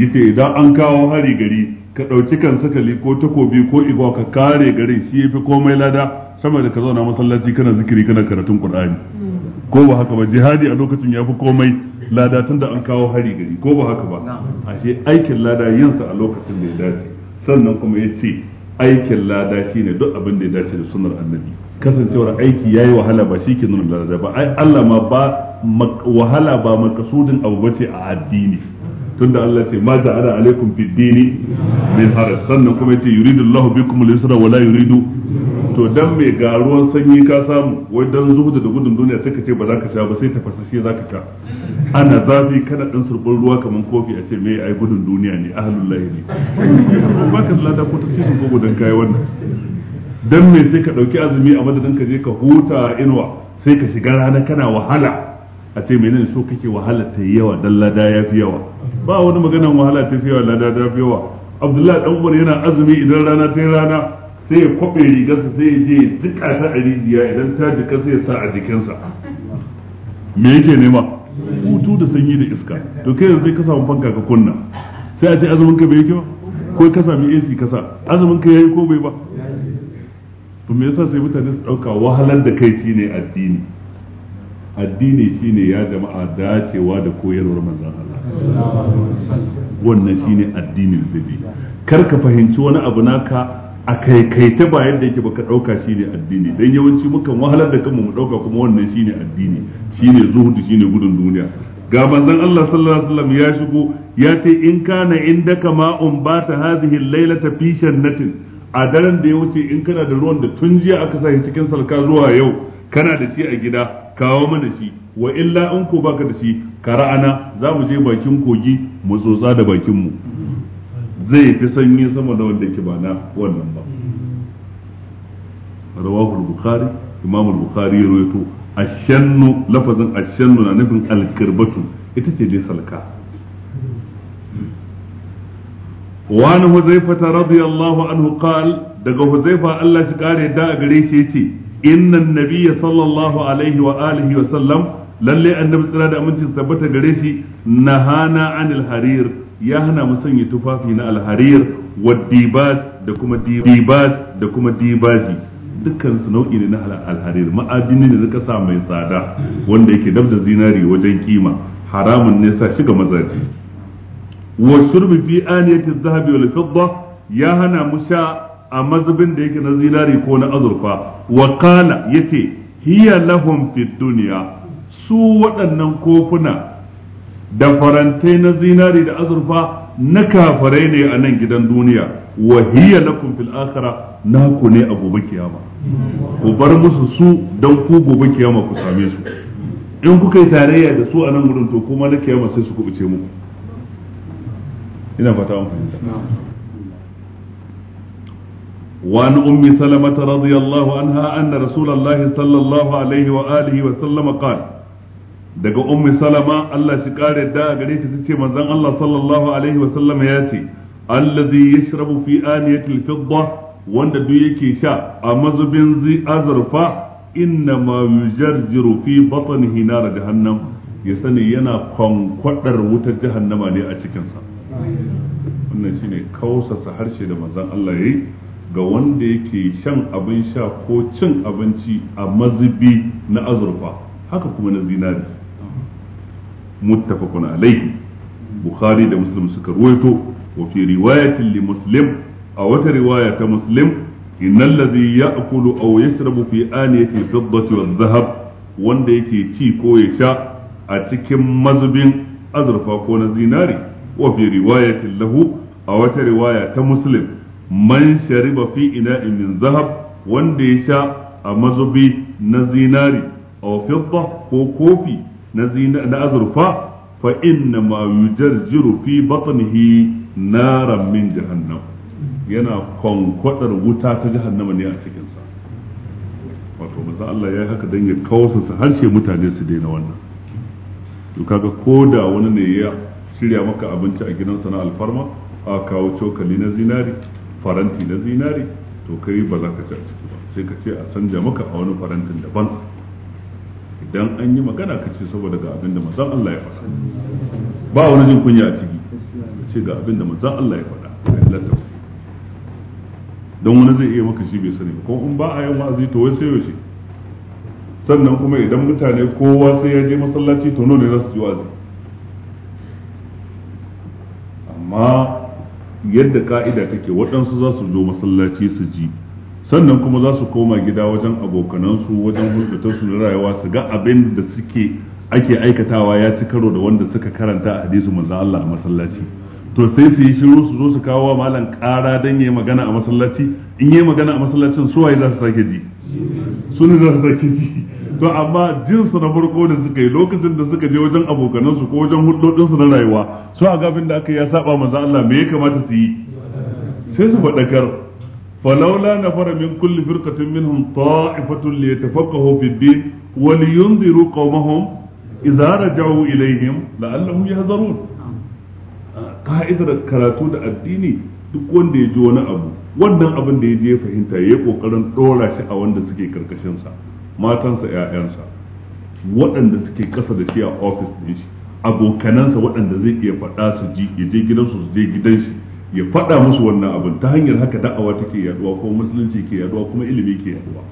yace idan an kawo hari gari ka ɗauki kan sakali ko takobi ko igwa ka kare garin shi ya fi komai lada sama da ka zauna masallaci kana zikiri kana karatun qur'ani ko ba haka ba jihadi a lokacin ya fi komai lada tun da an kawo hari gari ko ba haka ba ashe aikin lada yinsa a lokacin da ya dace sannan kuma ya ce aikin lada shine duk abin da ya dace da sunnar annabi kasancewar aiki yayi wahala ba shi ke nuna lada ba ai Allah ma ba wahala ba makasudin abu bace a addini tunda Allah ce ma ana alaikum fid dini min haraj sannan kuma yace yuridu Allahu bikum al-yusra wa la yuridu to dan me ga ruwan sanyi ka samu wai dan zuhuda da gudun duniya sai ka ce ba za ka sha ba sai tafasashe za ka sha ana zafi kana dan surbin ruwa kaman kofi a ce me ai gudun duniya ne ahlullahi ne ba ka lada ko ta ce ko gudan kai wannan dan me sai ka dauki azumi a madadin ka je ka huta inuwa sai ka shiga rana kana wahala a ce menene so kake wahala ta yi yawa dan lada ya fi yawa ba wani maganan wahala ta fi yawa lada ta fi yawa abdullahi dan umar yana azumi idan rana ta rana sai ya kwabe rigarsa sai ya je jika ta a rijiya idan ta jika sai ya sa a jikinsa me yake nema hutu da sanyi da iska to kai yanzu ka samu fanka ka kunna sai a ce azumin ka bai yake ba ko ka sami AC ka sa azumin ka yayi ko bai ba to me yasa sai mutane su dauka wahalar da kai shine addini addini shine ya jama'a dacewa da koyarwar manzon Allah wannan shine addinin zabi kar ka fahimci wani abu naka a kaikaita ba yadda yake baka dauka shine addini dan yawanci mukan wahalar da kanmu mu dauka kuma wannan shine addini shine zuhudu shine gudun duniya ga manzon Allah sallallahu alaihi wasallam ya shigo ya ce in kana indaka ma'un bata hadhihi al-lailata fi jannatin a daren da ya wuce in kana da ruwan da tun jiya aka sa cikin salka zuwa yau kana da shi a gida kawo mana shi wa illa in ko baka da shi ka ra'ana za mu je bakin kogi mu tsotsa da bakin mu zai fi sanyi sama da wanda yake bana wannan ba rawahul bukhari imam bukhari ya ashannu lafazin ashannu na nufin alkirbatu ita ce dai salka وعن حذيفة رضي الله عنه قال دقى حذيفة الله شكاري دا أقريش يتي إن النبي صلى الله عليه وآله وسلم للي أن نبسنا دا أمنش ثبت قريش نهانا عن الحرير يهنا مسن يتفافينا الحرير والديباز دكما ديباز دكما ديبازي dukkan su nau'i ne na alharir ma'adini ne suka sa mai tsada wanda yake dab da zinari wajen kima haramun ne sa shiga mazaji Wasu shurbi fi aniyati dhahabi wal fidda ya hana mu sha a mazubin da yake na zinari ko na azurfa wa qala yace hiya lahum fid dunya su waɗannan kofuna da farantai na zinari da azurfa na kafarai ne a nan gidan duniya wa hiya lakum fil akhirah naku ne a gobe kiyama ku bar musu su dan ku gobe kiyama ku same su in kuka yi tarayya da su a nan gurin to kuma na kiyama sai su kubuce muku ina fata an fahimta وعن أم سلمة رضي الله عنها أن رسول الله صلى الله عليه وآله وسلم قال daga ummi salama Allah shi kare da gare ta tace manzon Allah sallallahu alaihi wa sallam ya ce allazi yashrabu fi aniyati al-fidda wanda duk yake sha a mazubin azurfa inna ma yujarjiru fi hina da jahannam ya sani yana kwankwadar wutar jahannama ne a cikinsa. wannan shi ne kausasa harshe da mazan Allah ya yi ga wanda yake shan abin sha ko cin abinci a mazubi na azurfa haka kuma na zinari muttafaqun alaihi bukhari da muslim suka ruwaito wa fi riwayatin li muslim a wata riwaya ta muslim innal ladhi ya'kulu aw yashrabu fi aniyati fiddati wa dhahab wanda yake ci ko ya sha a cikin mazubin azurfa ko na zinari wa fi riwayatin lahu a wata riwaya ta muslim man shariba fi ina'in min zahab wanda ya sha a mazubi na zinari aw fidda ko kofi na azurfa fa inna ma yujarjiru fi batnihi naran min jahannam yana kwankwadar wuta ta jahannama ne a cikinsa wato maza Allah ya yi haka don ya kawo harshe mutane su daina wannan Duka ga ko da wani ne ya shirya maka abinci a gidansa na alfarma a kawo cokali na zinari faranti na zinari to kai ba za ka ci a ciki ba sai ka ce a sanja maka a wani farantin daban idan an yi magana ka ce saboda ga abin da mazan Allah ya faɗa ba wani jin kunya a ciki ka ce ga abin da mazan Allah ya faɗa don wani zai iya maka shi bai sani kuma in ba a yin wa'azi to wai sai yaushe sannan kuma idan mutane kowa sai ya je masallaci to ne za su ji wa'azi amma yadda ka'ida take waɗansu za su zo masallaci su ji sannan kuma za su koma gida wajen abokanansu wajen hulɗatarsu na rayuwa su ga abin da suke ake aikatawa ya ci karo da wanda suka karanta a hadisin manzon Allah a masallaci to sai su yi shiru su zo su kawo malam ƙara don yayi magana a masallaci in yi magana a masallacin su waye za su sake ji su ne za su sake ji to amma jinsu na farko da suka yi lokacin da suka je wajen abokanansu ko wajen hudodinsu na rayuwa su a gabin da aka yi ya saba manzon Allah me ya kamata su yi sai su faɗakar falaula nafara min kulli firqatin minhum ta'ifatun liyatafaqahu fid din wa liyunziru qaumahum idza raja'u ilayhim la'allahum yahzarun ka'idar karatu da addini duk wanda ya ji wani abu wannan abin da ya je fahimta ya yi kokarin dora shi a wanda suke karkashin matansa ƴaƴansa waɗanda suke ƙasa da shi a ofis ɗin shi abokanansa waɗanda zai iya faɗa su ji ya je gidansu su je gidan shi ya faɗa musu wannan abin ta hanyar haka da'awa take yaduwa ko musulunci ke yaduwa kuma ilimi ke yaduwa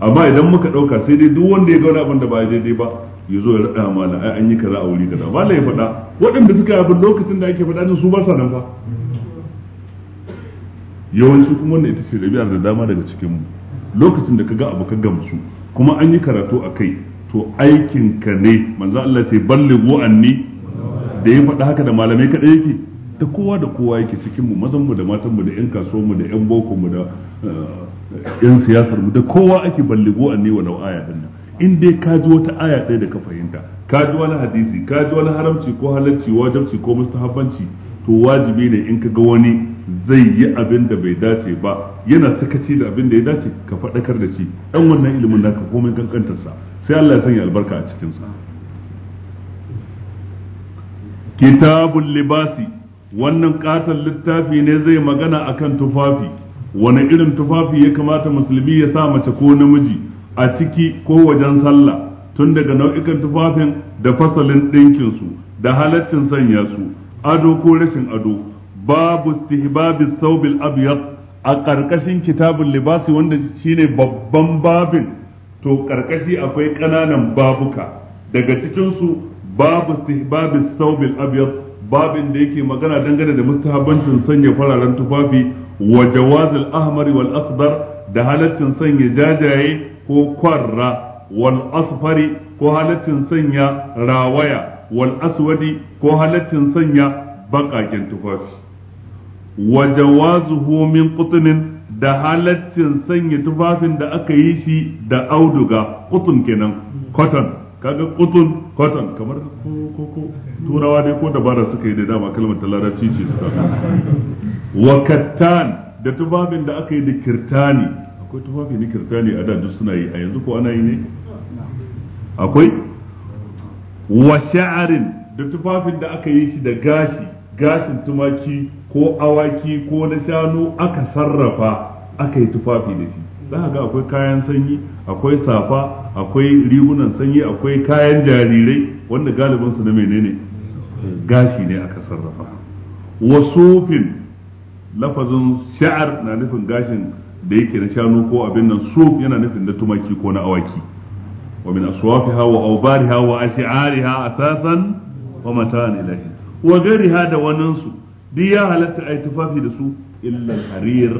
amma idan muka ɗauka sai dai duk wanda ya ga wani abin da ba daidai ba ya zo ya raɗa mana ai an yi kaza a wuri kaza ba la ya faɗa waɗanda suka abin lokacin da ake faɗa su ba sa nan fa yawanci kuma wannan ita ce biyar da dama daga cikin mu lokacin da ka ga abu ka gamsu kuma an yi karatu a kai to aikin ka ne manzo Allah ce ballighu anni da ya faɗa haka da malamai kaɗai yake da kowa da kowa yake cikin mu mazan mu da matan mu da yan kaso mu da yan boko mu da yan eh, siyasar mu da kowa ake ballighu anni wa law aya din in dai ka ji wata aya ɗaya da ka fahimta ka ji wani hadisi ka ji wani haramci ko halarci, wajabci ko mustahabbanci to wajibi ne in ka ga wani zai yi abin da bai dace ba yana sakaci da abin da ya dace ka faɗakar da shi ɗan wannan ilimin naka komai kankantarsa sai Allah ya sanya albarka a cikinsa kitabul libasi wannan katon littafi ne zai magana akan tufafi wani irin tufafi ya kamata musulmi ya sa mace ko namiji a ciki ko wajen sallah tun daga nau'ikan tufafin da fasalin ɗinkinsu da halaccin sanya su ado ko rashin ado babu istihbabi thawbil abyad a ƙarƙashin kitabun libasi wanda shine babban babin to ƙarƙashi akwai ƙananan babuka daga su babu istihbabi thawbil abyad babin da yake magana dangane da mustahabancin sanya fararen tufafi wa jawazil ahmar wal asbar da halaccin sanya jajaye ko kwarra wal asfari ko halaccin sanya rawaya wal aswadi ko halaccin sanya baƙaƙen tufafi wa jawazuhu min qutnin da halaccin sanya tufafin da aka yi shi da auduga qutun kenan cotton kaga qutun cotton kamar ko ko turawa dai ko dabara suka yi da dama kalmar ta larabci ce suka wa kattan da tufafin da aka yi da kirtani akwai tufafi ne kirtani a da duk suna yi a yanzu ko ana yi ne akwai wa sha'arin da tufafin da aka yi shi da gashi gashin tumaki ko awaki ko na shanu aka sarrafa aka yi tufafi da shi za ga akwai kayan sanyi akwai safa akwai rigunan sanyi akwai kayan jarirai wanda galibinsu na menene gashi ne aka sarrafa wasufin lafazin sha'ar na nufin gashin da yake na shanu ko abin nan su yana nufin na tumaki ko na awaki wa min aswafiha wa awbariha wa ash'ariha asasan wa mata'an ilahi wa gariha da waninsu duk ya halatta a yi tufafi da su illa harir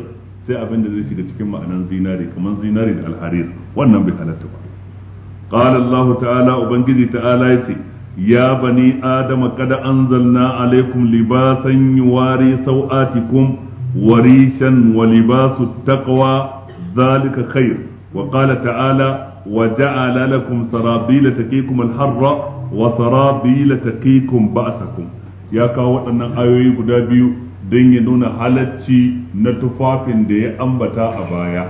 sai abin da zai shiga cikin ma'anar zinari kamar zinari da alharir wannan bai halatta ba qala allah ta'ala ubangiji ta'ala yace ya bani adama kad anzalna alaikum libasan yuwari sau'atikum warishan wa libasu taqwa zalika khair wa qala ta'ala وجعل لكم سرابيل تقيكم الحر وسرابيل تقيكم بأسكم ya kawo waɗannan ayoyi guda biyu don ya nuna halacci na tufafin da ya ambata a baya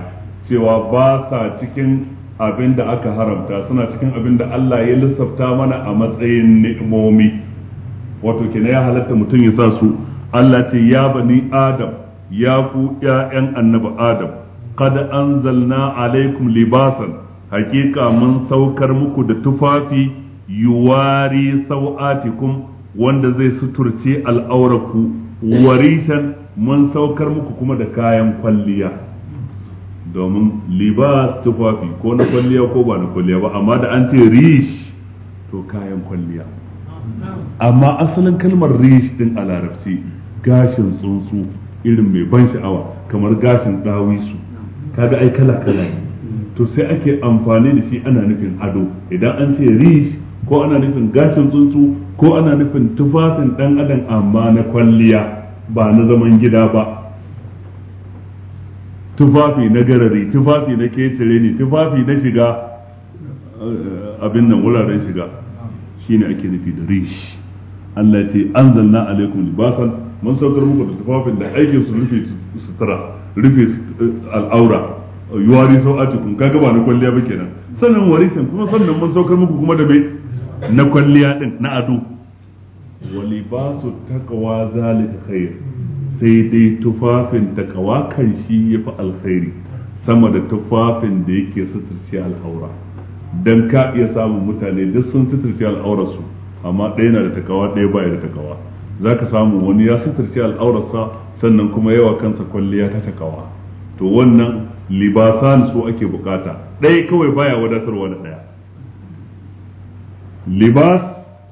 cewa ba sa cikin abin da aka haramta suna cikin abin da Allah ya lissafta mana a matsayin ni'imomi wato kina ya halatta mutum ya sa su Allah ce ya bani adam ya ku ƴaƴan annabi adam Kada an anzalna alaikum libasan hakika mun saukar muku da tufafi yuwari sau'atikum wanda zai suturce al'auraku warisan mun saukar muku kuma da kayan kwalliya domin libas tufafi ko na kwalliya ko ba na kwalliya ba amma da an ce rish to kayan kwalliya amma asalin kalmar rish din a larabci gashin tsuntsu irin mai ban sha'awa kamar gashin dawisu kaga ai kala kala to sai ake amfani da shi ana nufin ado idan an ce rish ko ana nufin gashin tsuntsu ko ana nufin tufafin dan adam amma na kwalliya ba na zaman gida ba tufafi na garari tufafi na kecire ne tufafi na shiga eh, abin nan wuraren shiga shine ake nufi da rish Allah ce anzalna alaikum libasan mun saukar muku da tufafin da aikin su rufe sutura rufe eh, al'aura yuwari cikin kaga ba na kwalliya ba kenan sannan warisan kuma sannan mun saukar muku kuma da mai na kwalliya din na ado wali ba su takawa zalika khair sai dai tufafin takawa kan shi yafi alkhairi sama da tufafin da yake suturci al'aura dan ka iya samun mutane duk sun suturci al'aura su amma ɗaya na da takawa ɗaya baya da takawa zaka samu wani ya suturci al'aurarsa sannan kuma yawa kansa kwalliya ta takawa to wannan libasan su ake bukata ɗaya kawai baya wadatarwa da ɗaya libas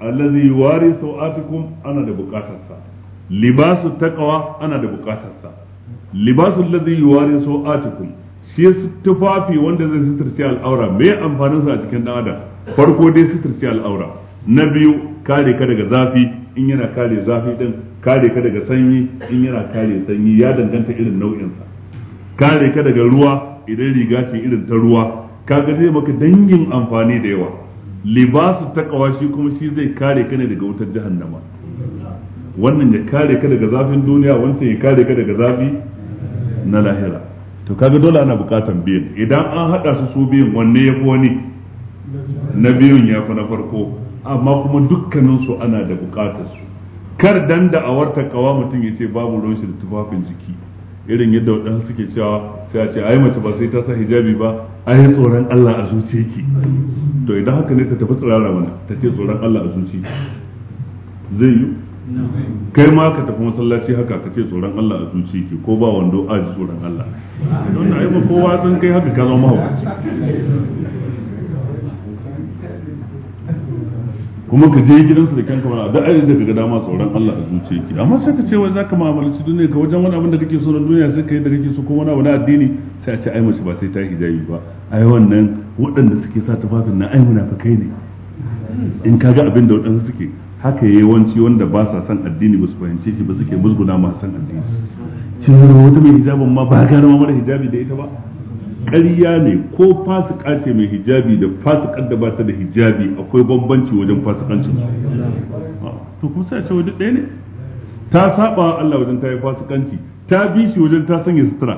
allazi yuwari sau'atikum ana da bukatarsa libasu taqwa ana da bukatarsa libasu allazi yuwari sau'atikum shi tufafi wanda zai suturce al'aura me sa a cikin dan adam farko dai suturce al'aura na biyu kare ka daga zafi in yana kare zafi din kare ka daga sanyi in yana kare sanyi ya danganta irin nau'insa kare ka daga ruwa idan riga ce irin ta ruwa kaga zai maka dangin amfani da yawa libasu ta kawashi kuma shi zai kare ka ne daga wutar jahannama wannan ya kare ka daga zafin duniya wancan ya kare ka daga zafi na lahira to kaga dole ana bukatan biyan idan an hada su su biyan wanne ya fi wani na biyun ya fi na farko amma kuma dukkanin su ana da bukatar su kar dan da awarta kawa mutum ya ce babu ruwan shi da tufafin jiki irin yadda waɗansu suke cewa sai a ce ai mace ba sai ta sa hijabi ba ai tsoron Allah a zuciya to idan haka ne ta tafi tsirara mana ta ce tsoron Allah a zuci zai yi kai ma ka tafi masallaci haka ka ce tsoron Allah a zuci ki ko ba wando aji tsoron Allah don na yi kowa sun kai haka ka zama mahaukaci kuma ka je gidansu da kanka wani da ayyuka da ga dama tsoron Allah a ki. amma sai ka ce wai zaka mu'amalci duniya ka wajen wani abin da kake so na duniya sai ka yi da kake so ko wani abu na addini sai a ce ai mace ba sai ta hijabi ba ai wannan waɗanda suke sa tufafin na ai munafikai ne in ka ga abin da waɗansu suke haka yawanci wanda ba sa son addini ba su fahimce shi ba suke musguna masu san addini kin wata mai hijabin ma ba gano mara hijabi da ita ba ƙarya ne ko fasika ce mai hijabi da fasikan da ba ta da hijabi akwai bambanci wajen fasikancin ah, to kuma sai a ce wajen ɗaya ne ta saba Allah wajen ta yi fasikanci ta bi shi wajen ta sanya sutura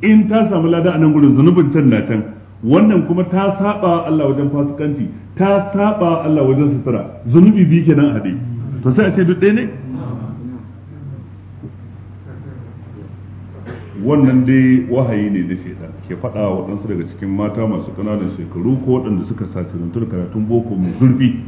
in ta samu lada a nan gudun zunubin can na can wannan kuma ta saba Allah wajen fasikanci ta saba Allah wajen sutura zunubi bi kenan hade to sai a ce duk ɗaya ne wannan dai wahayi ne da shaitan ke faɗa wa waɗansu daga cikin mata masu ƙananan shekaru ko waɗanda suka sace zantar karatun boko mai zurfi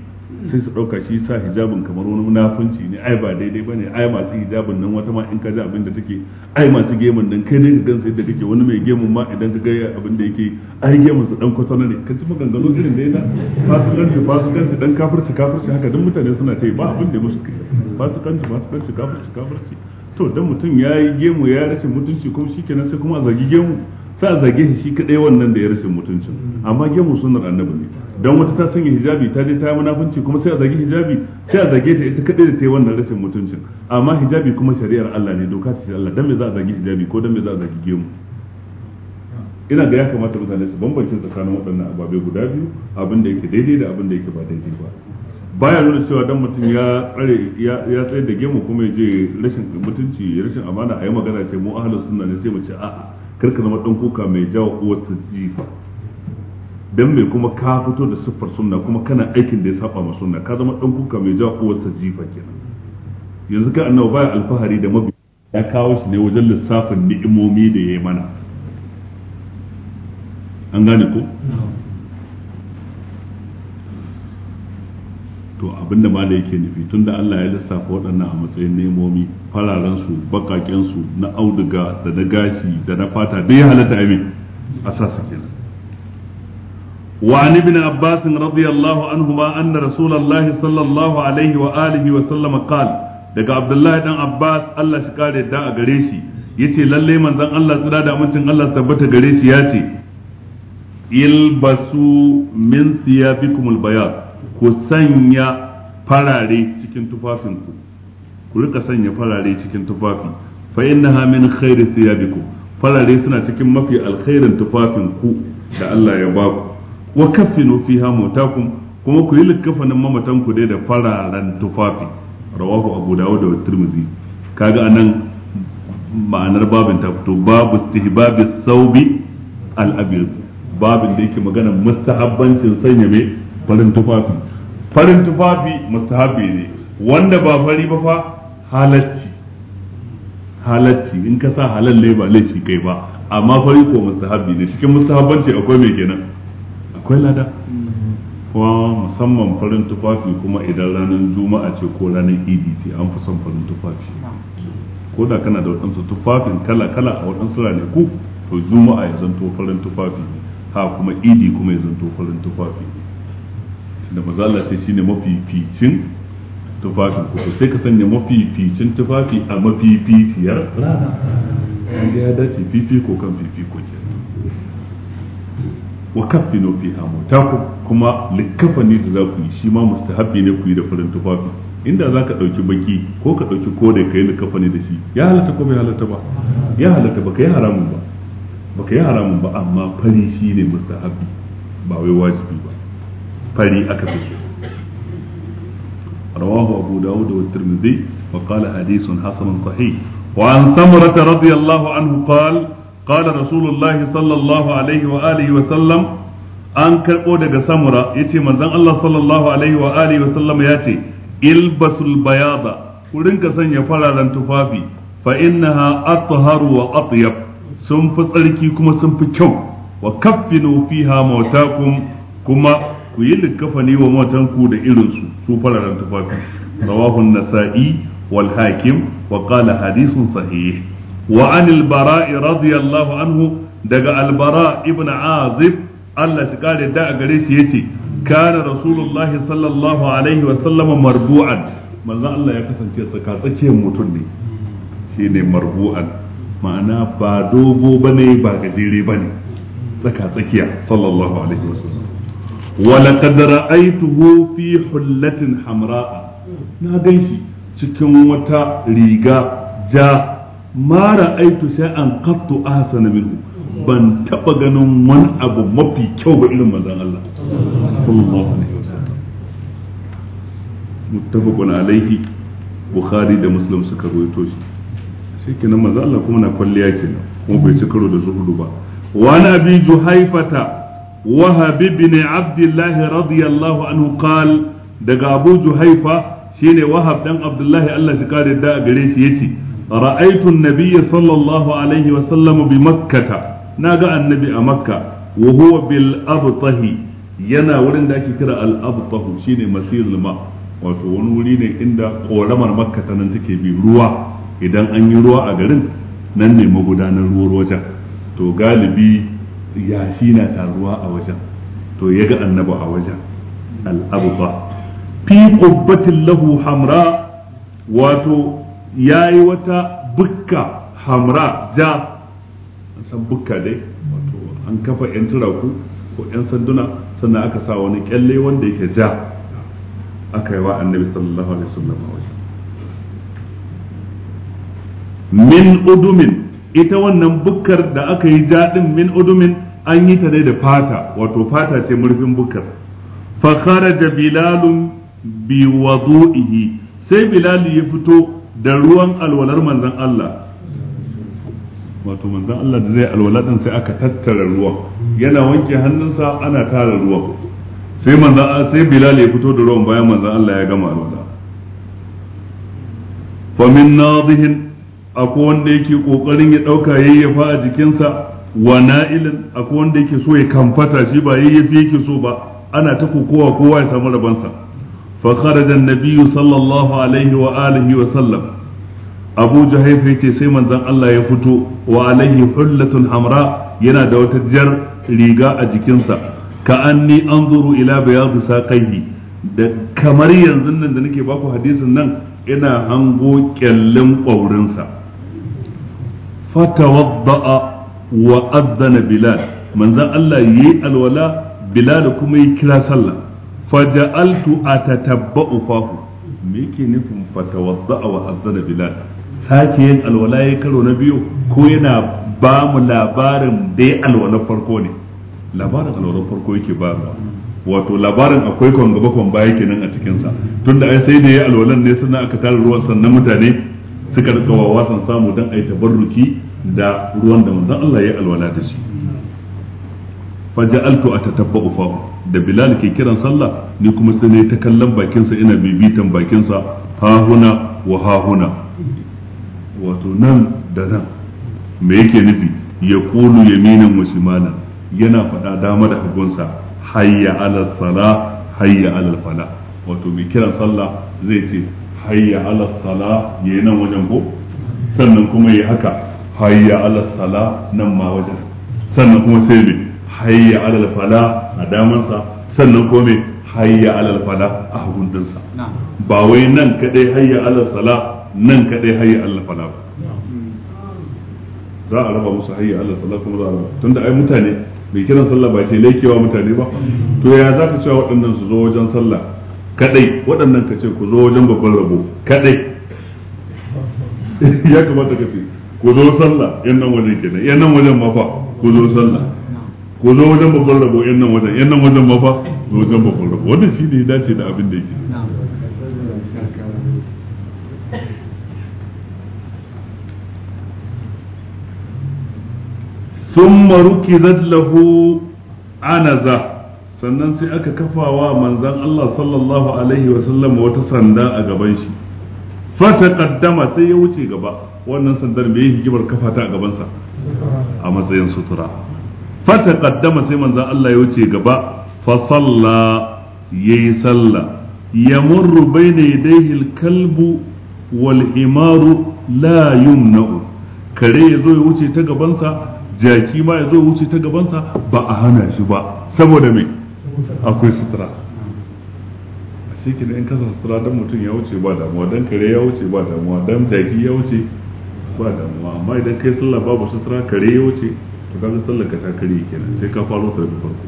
sai su ɗauka shi sa hijabin kamar wani munafunci ne ai ba daidai ba ne ai masu hijabin nan wata ma in ka ji abin da take ai masu gemun nan kai ne ka gan sai da kake wani mai gemun ma idan ka ga abin da yake ai gemun su dan kwatana ne ka ci maganganu irin da yana fasikanci fasikanci dan kafirci kafirci haka duk mutane suna ta yi ba abin da musu kai fasikanci fasikanci kafirci kafirci to dan mutum ya yi gemu ya rashin mutunci kuma shikenan sai kuma a zagi gemu sa a zage shi shi kadai wannan da ya rashin mutuncin amma gemu sunnar annabi ne dan wata ta sanya hijabi ta je ta yi munafunci kuma sai a zage hijabi sai a zage ta ita kadai da ta yi wannan rashin mutuncin amma hijabi kuma shari'ar Allah ne doka ce Allah dan me za a zage hijabi ko dan me za a zage gemu ina ga ya kamata mutane su bambance tsakanin waɗannan ababe guda biyu abin da yake daidai da abin da yake ba daidai ba baya nuna cewa dan mutum ya tsare ya tsayar da gemu kuma ya je rashin mutunci rashin amana a yi magana ce mu ahlus sunna ne sai mu ce a'a kar ka zama ɗan kuka mai jawo uwarsa jifa don mai kuma ka fito da siffar sunna kuma kana aikin da ya saba ma sunna ka zama ɗan kuka mai jawo uwarsa jifa kenan yanzu ka annawa baya alfahari da mabi ya kawo shi ne wajen lissafin ni'imomi da ya yi mana an gane ko to abinda ma da yake nufi tunda Allah ya lissafa waɗannan a matsayin ni'imomi fararensu bakaƙensu na auduga da na gashi da na fata duk ya halatta amin a sa su kenan وعن ابن عباس رضي الله عنهما أن رسول الله صلى الله عليه وآله وسلم daga Abdullahi dan Abbas Allah shi kare da a gare shi yace lalle manzon Allah tsira da amincin Allah tabbata gare shi yace ilbasu min siyabikumul baya, ku sanya farare cikin tufafinku ku rika sanya farare cikin tufafi fa innaha min khairi thiyabikum farare suna cikin mafi alkhairin tufafin ku da Allah ya ba ku wa kaffinu fiha mutakum kuma ku yi likkafanin mamatan ku dai da fararen tufafi rawahu abu dawud da tirmidhi kaga anan ma'anar babin ta fito babu istihbabi thawbi al-abyad babin da yake magana mustahabbancin sanya mai farin tufafi farin tufafi mustahabi ne wanda ba fari ba fa halacci halacci in ka sa halal ne ba laifi kai ba amma fari ko mustahabi ne cikin mustahabbanci akwai mai kenan akwai lada kuma musamman farin tufafi kuma idan ranar juma'a ce ko ranar idi ce an fi son farin tufafi ko da kana da waɗansu tufafin kala kala a waɗansu ranaku to juma'a ya zanto farin tufafi ha kuma idi kuma ya zanto farin tufafi da mazala ce shine mafificin tufafin ku sai ka sanya mafificin tufafi a mafificiyar rana ya dace ko kan ko ke wa kaffinu a mutaku kuma ne da za ku yi shi ma mustahabbi ne ku yi da farin tufafi inda za ka ɗauki baki ko ka ɗauki ko da kai ne da shi ya halatta ko bai halatta ba ya halatta baka yi haramun ba baka yi haramun ba amma fari shi ne mustahabbi ba wai wajibi ba fari aka fi رواه أبو داود والترمذي وقال حديث حسن صحيح وعن سمرة رضي الله عنه قال قال رسول الله صلى الله عليه وآله وسلم an karɓo daga samura ya ce manzan Allah sallallahu alaihi wa alihi ya ce ilbasul bayada ku rinka sanya fararen tufafi fa innaha atharu wa atyab sun fi tsarki kuma sun fi kyau wa kaffinu fiha mawtakum kuma ku yi likkafani wa matanku da irinsu su fararen tufafi rawahun nasa'i wal hakim wa qala hadithun sahih wa anil bara'i radiyallahu anhu daga albara ibn azib Allah shi kare da a gare shi yace kana rasulullahi sallallahu alaihi wa sallama marbu'an manzon Allah ya kasance tsaka tsakiyar mutum ne shine marbu'an ma'ana ba dogo bane ba gajere bane tsaka tsakiya sallallahu alaihi wa sallam ولقد رأيته في حلة حمراء ناديشي cikin wata riga ja mara ma ra'aitu shay'an qattu ahsana minhu ban taba ganin wani abu mafi kyau ba irin manzon Allah sallallahu alaihi wasallam muttafaqun alaihi bukhari da muslim suka rawaito shi sai kenan manzon Allah kuma na kwalliya kenan kuma bai ci karo da zuhudu ba wani abi juhaifata وهب بن عبد الله رضي الله عنه قال دغ أبو جهيفة شين وهب دن عبد الله الله شكار الداء قريش يتي رأيت النبي صلى الله عليه وسلم بمكة ناقا النبي مكة وهو بالأبطه yana wurin da ake kira al-abtahu shine masilul wato wani wuri ne inda ƙoramar makka ta nan take bi ruwa idan an yi ruwa a garin nan ne magudanar ruwar wajen to galibi yashi na taruwa a wajen to ya ga annabu a wajen al'abba fi qubbatin lahu hamra wato yayi wata bukka hamra ja an san bukka dai wato an kafa yan turaku ko yan sanduna sannan aka sa wani kyalle wanda yake ja aka yi wa annabi sallallahu alaihi wasallam a wajen min udumin ita wannan bukkar da aka yi ja min udumin an yi ta ne da fata wato fata ce murfin bukar fa kharaja bilalun bi wudu'ihi sai bilal ya fito da ruwan alwalar manzon Allah wato manzon Allah da zai alwala din sai aka tattara ruwa. yana wanke hannunsa ana tara ruwa. sai manzon sai bilal ya fito da ruwan bayan manzon Allah ya gama alwala fa min nadihin akwai wanda yake kokarin ya dauka yayyafa a jikinsa wa na'ilin akwai wanda yake so ya kamfata shi ba yayyafi yake so ba ana ta kokowa kowa ya samu rabansa fa kharaja an-nabiyyu sallallahu alaihi wa alihi wa sallam Abu Juhayfa yace sai manzon Allah ya fito wa alaihi hullatun hamra yana da wata jar riga a jikinsa ka anni anzuru ila bayadi saqaihi da kamar yanzu nan da nake baku hadisin nan ina hango kyallin ƙwaurinsa fatawadda'a wa adzana bilal manzan Allah yi alwala bilal kuma yi kira sallah faja'altu atatabba'u fahu me yake nufin fatawadda'a wa adzana bilal sake yin alwala yayi karo na biyu ko yana ba mu labarin dai alwala farko ne labarin alwala farko yake ba wato labarin akwai kwan gaba kwan baya kenan a cikin sa tunda ai sai da yi alwalan ne sannan aka tara ruwan sannan mutane suka rika wawasan samu a ai tabarruki da ruwan da manzon Allah ya alwala da shi faja'altu atatabba'u fa da Bilal ke kiran sallah ni kuma sai ne ta kallon bakin sa ina bibitan bakin sa ha huna wa ha huna wato nan da nan me yake nufi ya kulu yaminan wa shimala yana faɗa dama da hagunsa hayya ala sala hayya ala fala wato mai kiran sallah zai ce hayya ala sala yayin nan wajen ko sannan kuma yi haka hayya ala sala nan ma wajen sannan kuma sai me hayya ala fala a damansa sannan kuma mai hayya ala fala a hagun ba wai nan kadai hayya ala sala nan kadai hayya ala fala ba za a raba musu hayya ala sala kuma za a raba tunda ai mutane bai kiran sallah ba sai laikewa mutane ba to ya za ka cewa waɗannan su zo wajen sallah kadai waɗannan ka ce ku zo wajen babban rabo kadai ya kamata ka fi. ku zo sallah yan nan wajen kenan yan nan wajen mafa ku zo sallah ku zo wajen babban rabo yan nan wajen yan nan wajen mafa zo wajen babban rabo wannan shi ne ya dace da abin da yake ثم ركزت له anaza sannan sai aka kafawa manzan Allah sallallahu alaihi wa sallam wata sanda a gaban shi fata kaddama sai ya wuce gaba wannan sandar me hikimar kafa ta a gabansa a matsayin sutura fata kaddama sai manzan Allah ya wuce gaba fa salla ya sallah bai na yi al-kalbu wal himaru la yumna'u kare zo ya wuce ta gabansa jaki ma ya zo ya wuce ta gabansa ba a hana shi ba saboda me akwai sutura shi ke in kasa sutura don mutum ya wuce ba damuwa don kare ya wuce ba damuwa don jaki ya wuce ba damuwa amma idan kai sallah babu sutura kare ya wuce to kaga sallar ka ta kare kenan sai ka faro ta daga farko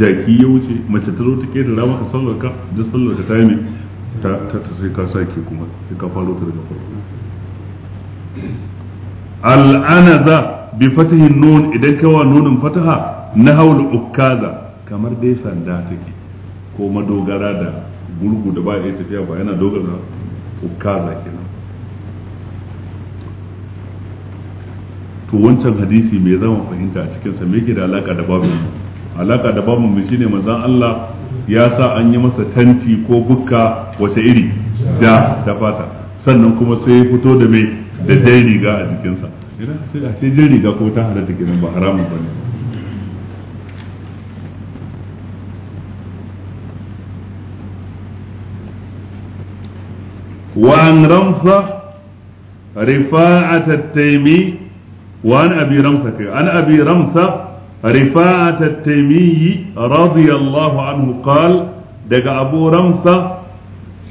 jaki ya wuce mace ta zo take da rama ka sallar ka duk sallar ka ta yi ta ta sai ka sake kuma sai ka faro ta daga farko al'anaza bi fatihin nun idan kai wa nunin fataha na haul ukkaza kamar dai sanda take ko madogara da gurgu da ba ya tafiya ba yana dogara ukkaza kenan to wancan hadisi mai zama fahimta a cikinsa me yake da alaka da babu alaka da babu mai shine manzon Allah ya sa an yi masa tanti ko bukka wace iri ja ta fata sannan kuma sai ya fito da mai da jan riga a jikinsa idan sai jan riga ko ta halatta gidan ba haramun ba ne وعن رمثة رفاعة التيمي وعن أبي رمسة عن أبي رمسة رفاعة التيمي رضي الله عنه قال دق أبو رمسة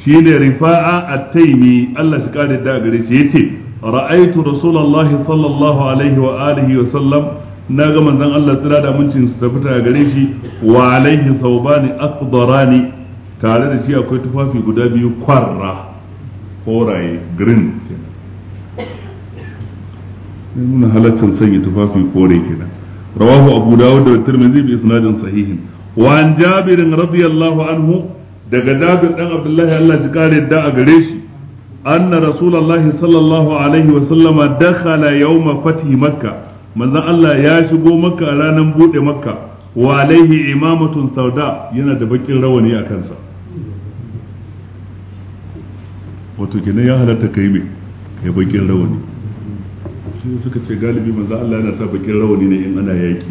شين رفاعة التيمي الله شكال الداغري شيتي رأيت رسول الله صلى الله عليه وآله وسلم ناقا من زن الله تلا دا منشن ستفتا غريشي وعليه ثوبان أخضراني تعالى شيء أكوي تفافي قدابي قرة قرة جرين ya nuna halaccin sanya tufafi kore kenan rawahu abu dawud da tirmidhi bi isnadin sahihin wa an jabir radiyallahu anhu daga jabir dan abdullahi Allah shi kare da a gare shi anna rasulullahi sallallahu alaihi wa sallama dakhala yawma fathi makka manzon Allah ya shigo makka a ranar bude makka wa alaihi imamatun sauda yana da bakin rawani a kansa wato kenan ya halatta kai mai ya bakin rawani su suka ce galibi manzo Allah yana sa bakin rawani ne in ana yaki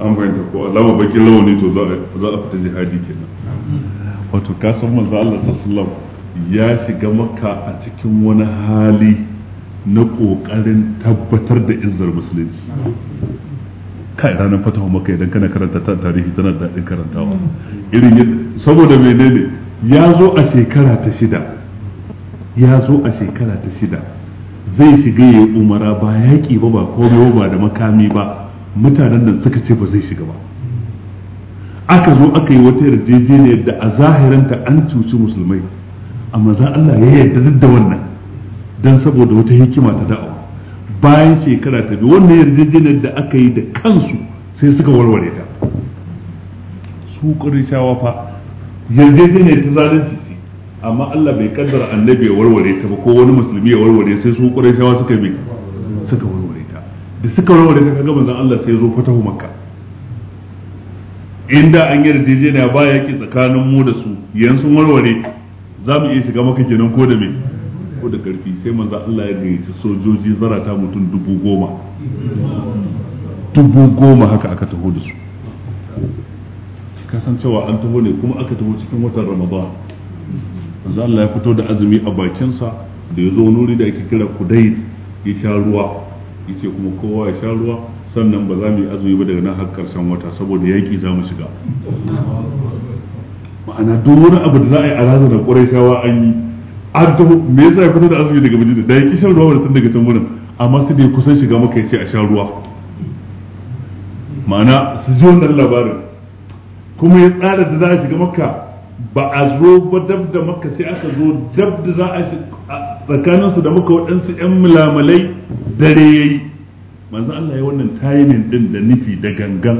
an fahimta ko alama bakin rawani to za a fita jihadi kenan wato kasan manzo Allah sallallahu ya shiga makka a cikin wani hali na kokarin tabbatar da izzar musulunci kai ranar fatawa maka idan kana karanta ta tarihi tana daɗin karantawa irin saboda menene ya zo a shekara ta shida ya zo a shekara ta shida zai shiga ya umara ba yaƙi ba ba ko ba da makami ba mutanen nan suka ce ba zai shiga ba aka zo aka yi wata yarjejeniyar da a zahiranta an cuci musulmai amma za Allah ya yarda duk da wannan don saboda wata hikima ta da'awa bayan shekara ta biyu wannan yarjejeniyar da aka yi da kansu sai suka warware ta su ƙarishawa fa yarjejeniyar ta zalunci amma Allah bai kaddara annabi ya warware ta ba ko wani musulmi ya warware sai su quraishawa suka bi suka warware ta da suka warware ta kaga manzon Allah sai ya zo fatahu makka inda an yi yarjejeniya ba ki tsakanin mu da su yanzu warware za mu iya shiga maka kenan ko da me ko da karfi sai manzo Allah ya gayyaci sojoji zarata mutum dubu goma dubu goma haka aka taho da su ka san cewa an taho ne kuma aka taho cikin watan Ramadan manzo Allah ya fito da azumi a bakinsa da ya zo wani da ake kira kudait ya sha ruwa yace kuma kowa ya sha ruwa sannan ba za mu yi azumi ba daga nan har karshen wata saboda yaƙi za mu shiga ma'ana duk wani abu da za a yi a da ƙwarai shawa an yi an taho me yasa ya fito da azumi daga madina da ya ki shan ruwa ba da tun daga can wurin amma sai da ya kusan shiga maka ya ce a sha ruwa ma'ana su ji wannan labarin kuma ya tsara da za a shiga maka ba a zo ba dab da maka sai aka zo dab da za a tsakaninsu da maka waɗansu 'yan mulamalai dare ya yi manzan Allah ya wannan tayimin din da nufi da gangan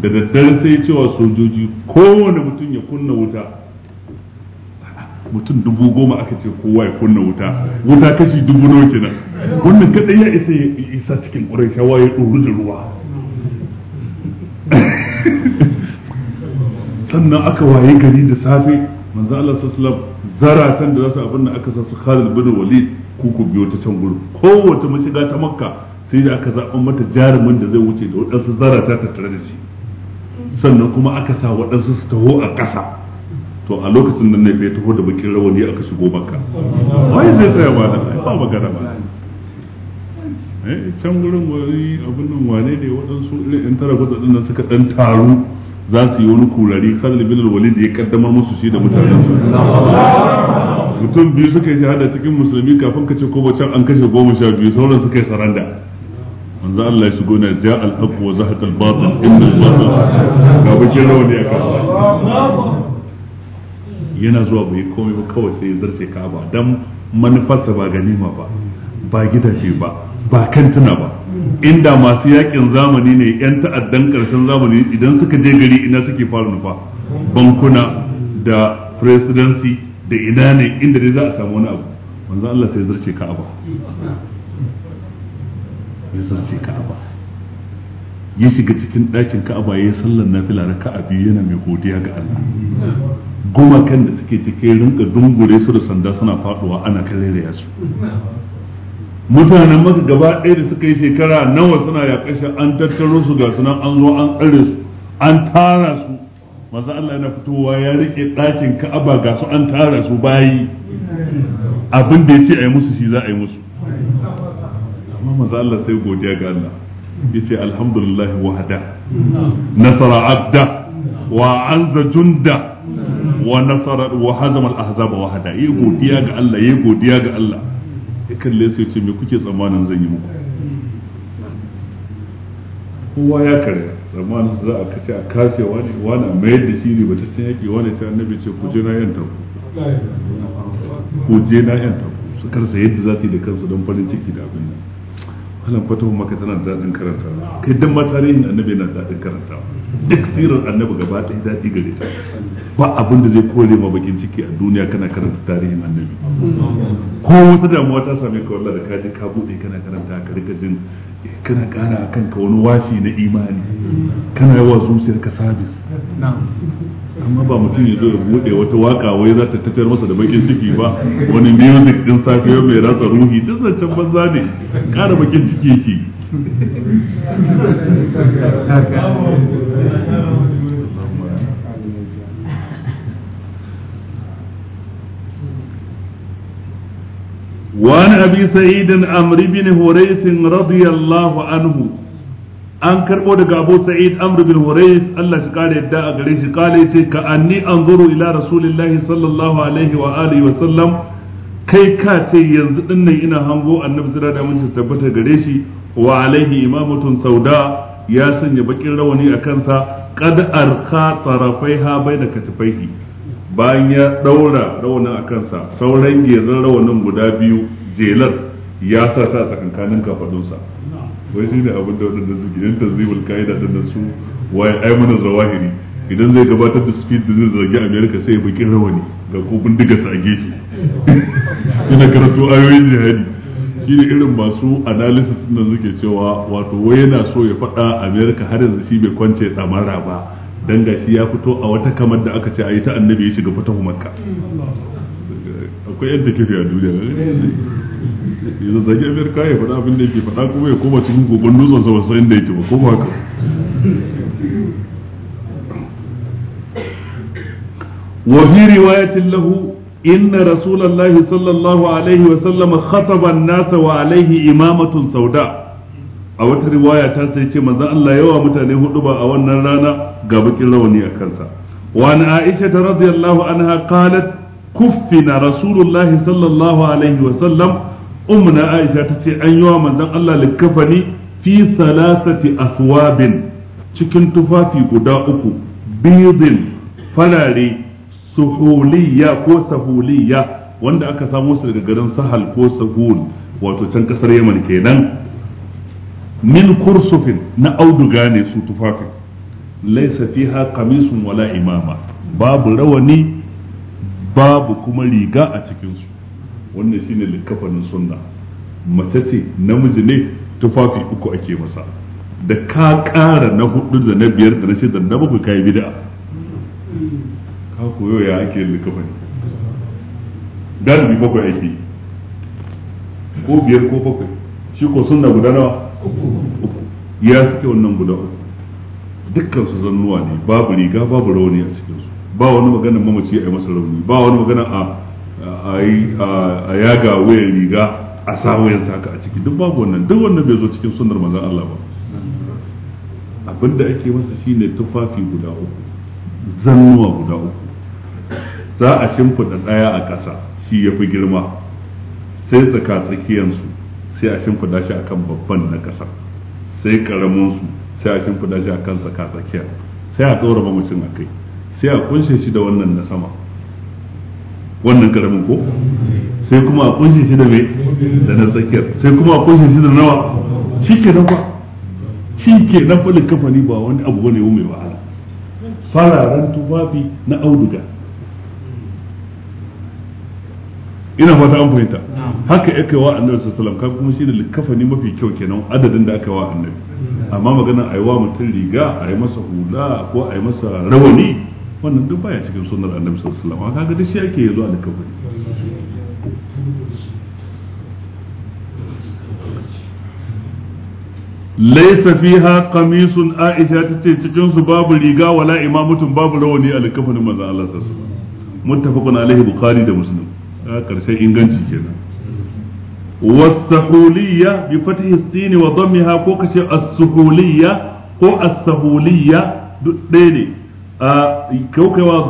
da daddare sai cewa sojoji kowane mutum ya kunna wuta mutum dubu goma aka ce kowa ya kunna wuta wuta kashi dubu nawa kenan wannan kadai ya isa ya isa cikin ƙurai shawa ya ɗoru da ruwa sannan aka waye gari da safe manzo Allah sallallahu zaratan da zasu abin da aka san su Khalid bin Walid ku ku biyo ta can gurin kowace mashiga ta Makka sai da aka zaɓa mata jarumin da zai wuce da waɗansu zarata ta tare da shi sannan kuma aka sa waɗansu su taho a ƙasa to a lokacin nan ne bai taho da bakin rawani aka shigo Makka wai zai tsaya ba da ba magana ba eh can gurin wani abin nan wane ne waɗansu irin tara gudadin suka dan taru za su yi wani kurari khalid bin walid ya kaddamar musu shi da mutanen su mutum biyu suka yi shahada cikin musulmi kafin ka ce ko bacan an kashe goma sha biyu sauran suka yi saranda manzo Allah ya shigo na ja al wa zahat al batil inna al batil ga bakin rawani aka yana zuwa bai komai ba kawai sai ya zarce ba dan manufarsa ba ganima ba ba gidaje ba ba kantuna ba inda masu yakin zamani ne yan ta'addan karshen zamani idan suka je gari ina suke fara nufa bankuna da presidency da ina ne inda dai za a samu wani abu manzo Allah sai zarce Ka'aba ya zarce Ka'aba ya shiga cikin ɗakin Ka'aba ya yi sallar nafila raka'a ka'abi yana mai godiya ga Allah gumakan da suke cikin rinka dungure su da sanda suna faduwa ana da su mutanen maka gaba ɗaya da suka yi shekara nawa suna ya yaƙashin an tattaro su ga sunan an zo an tsare su an tara su maza Allah yana fitowa ya rike ɗakin ka'aba ga su an tara su bayi abin da ya ce a yi musu shi za a yi musu amma maza Allah sai godiya ga Allah ya ce alhamdulillah wahada nasara abda wa anza junda wa nasara wa hazama al-ahzaba wahada yi godiya ga Allah yi godiya ga Allah ya kalle su ce me kuke tsammanin zan yi muku kowa ya karya tsammanin za a kace a kashe wani wani a mayar da shi ne ba ta cin yaki wani sai annabi ce ku je na yan ku ku je na yan ku su karsa yadda za su yi da kansu don farin ciki da abin nan wannan kuma ka tana da daɗin karanta kai dan ma tarihin annabi yana daɗin karanta duk sirar annabi gaba ɗaya daɗi gare ta ba abin da zai kore ma bakin ciki a duniya kana karanta tarihin annabi mm-hmm. ko wata damuwa ta same ka wallahi da ka je ka bude kana karanta ka rika jin eh, kana kara a ka wani wasi na imani mm-hmm. kana yawa zuciyar ka sabis amma ba mutum ya zo ya bude wata waka wai za ta tafiyar masa da bakin ciki ba wani music din ya mai rasa ruhi duk zancen banza ne kara bakin ciki yake وعن أبي سعيد أمر بن هريس رضي الله عنه an karbo daga Abu Sa'id Amr bin Allah shi kare yadda a gare shi kale yace ka anni anzuru ila rasulillahi sallallahu alaihi wa wa sallam kai ka ce yanzu din nan ina hango annabi zira da mun tabbata gare shi wa alaihi imamatun sauda ya sanya bakin rawani a kansa qad arqa tarafaiha baina katifaihi bayan ya ɗaura rawanin a kansa sauran gezan rawanin guda biyu jelar ya sa ta a tsakankanin kafadunsa wai shi ne abin da wadanda su gidan tanzimul ka'ida da su waye aimanin zawahiri idan zai gabatar da speed da zai zargi america sai ya bakin rawani ga ko sa a gefe ina karatu ayoyin jihadi shi irin masu analysis nan suke cewa wato wai yana so ya fada america har yanzu shi bai kwance tsamara ba dan gashi ya fito a wata kamar da aka ce a yi ta annabi ya shiga fatahu makka akwai yadda kafi a duniya eh? ya zazzage ka ya faɗa abin da yake faɗa kuma ya koma cikin gogon dutsen sa wasu inda yake ba ko ba haka wa fi riwayatin lahu inna rasulullahi sallallahu alaihi wa sallam khataba an-nasa wa alaihi imamatun sauda a wata riwaya ta sai ce manzon Allah yawa mutane hudu ba a wannan rana ga bakin rawani a kansa wa an aisha radiyallahu anha qalat Kuffi na rasulullahi sallallahu alaihi wa sallam umna aisha ta ce an yi wa manzon Allah likafani fi salasati aswabin cikin tufafi guda uku bidin farare suhuliya ko sahuliya wanda aka samo su daga garin sahal ko sahul wato can kasar yaman kenan min kursufin na auduga ne su tufafin laisa fiha qamisun wala imama babu rawani babu kuma riga a cikinsu wannan shine likafanin sunna mace ce namiji ne tufafi uku ake masa da ka ƙara na hudu da na biyar da na shida da na bakwai kayi bid'a ka koyo ya ake yin likafani galibi bakwai ake ko biyar ko bakwai shi ko sunna guda nawa ya suke wannan guda uku dukkan su zannuwa ne babu riga babu rauni a cikinsu ba wani magana mamaci a yi masa rauni ba wani magana a yaga wayan riga a sa wayan saka a ciki duk babu wannan duk wannan bai zo cikin sunnar manzon Allah ba abinda ake masa shine tufafi guda uku zannuwa guda uku za a shimfiɗa ɗaya a ƙasa shi ya fi girma sai tsaka tsakiyansu sai a shimfiɗa shi akan babban na ƙasa sai su sai a shimfiɗa shi akan tsaka tsakiya sai a ɗora mamacin a kai sai a kunshe shi da wannan na sama wannan karamin ko sai kuma a kunshe shi da mai da na tsakiyar sai kuma a kunshe shi da nawa shi ke nan ba shi ke nan falin kafani ba wani abu bane mai wahala fararen tufafi na auduga ina fata an fahimta haka aka wa annabi sallallahu alaihi kuma shine likafani mafi kyau kenan adadin da aka wa annabi amma magana ayi wa mutum riga ayi masa hula ko ayi masa rawani wannan duk baya cikin sunnar annabi sallallahu alaihi wasallam kaga duk shi ake yi zuwa alkafari laisa fiha qamisun aisha tace cikin su babu riga wala imamutun babu rawani alkafarin manzon Allah sallallahu alaihi wasallam muttafaqun alaihi bukhari da muslim a karshen inganci kenan والسحولية بفتح السين وضمها كوكشي السحولية duk ɗaya ne. a kyaukaiwa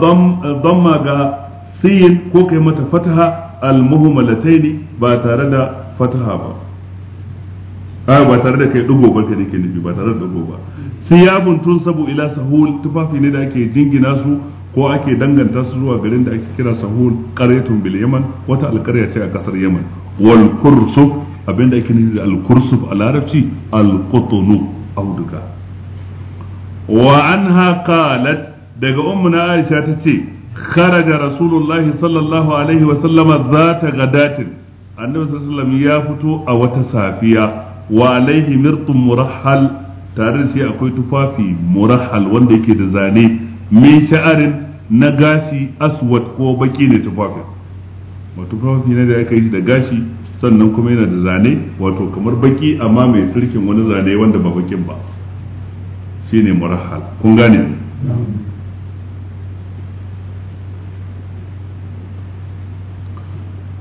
damma ga sin ko kai mata fataha almuhmalataini ba tare da fataha ba a ba tare da kai dugo ba kai nake nufi ba tare da dugo ba siyabun tun sabo ila sahul tufafi ne da ake jingina su ko ake danganta su zuwa garin da ake kira sahul karyatun bil yaman wata alqarya ce a kasar yaman wal kursuf abinda ake nufi da al a larabci al qutnu auduga wa anha qalat daga ummuna Aisha ta ce kharaja rasulullahi sallallahu alaihi wa sallama zata datin annabi sallallahu ya fito a wata safiya wa alaihi mirtun murahhal tare da shi akwai tufafi murahhal wanda yake da zane min sha'arin na gashi aswad ko baki ne tufafi wato tufafi ne da aka yi da gashi sannan kuma yana da zane wato kamar baki amma mai sirkin wani zane wanda ba bakin ba shine murahhal kun gane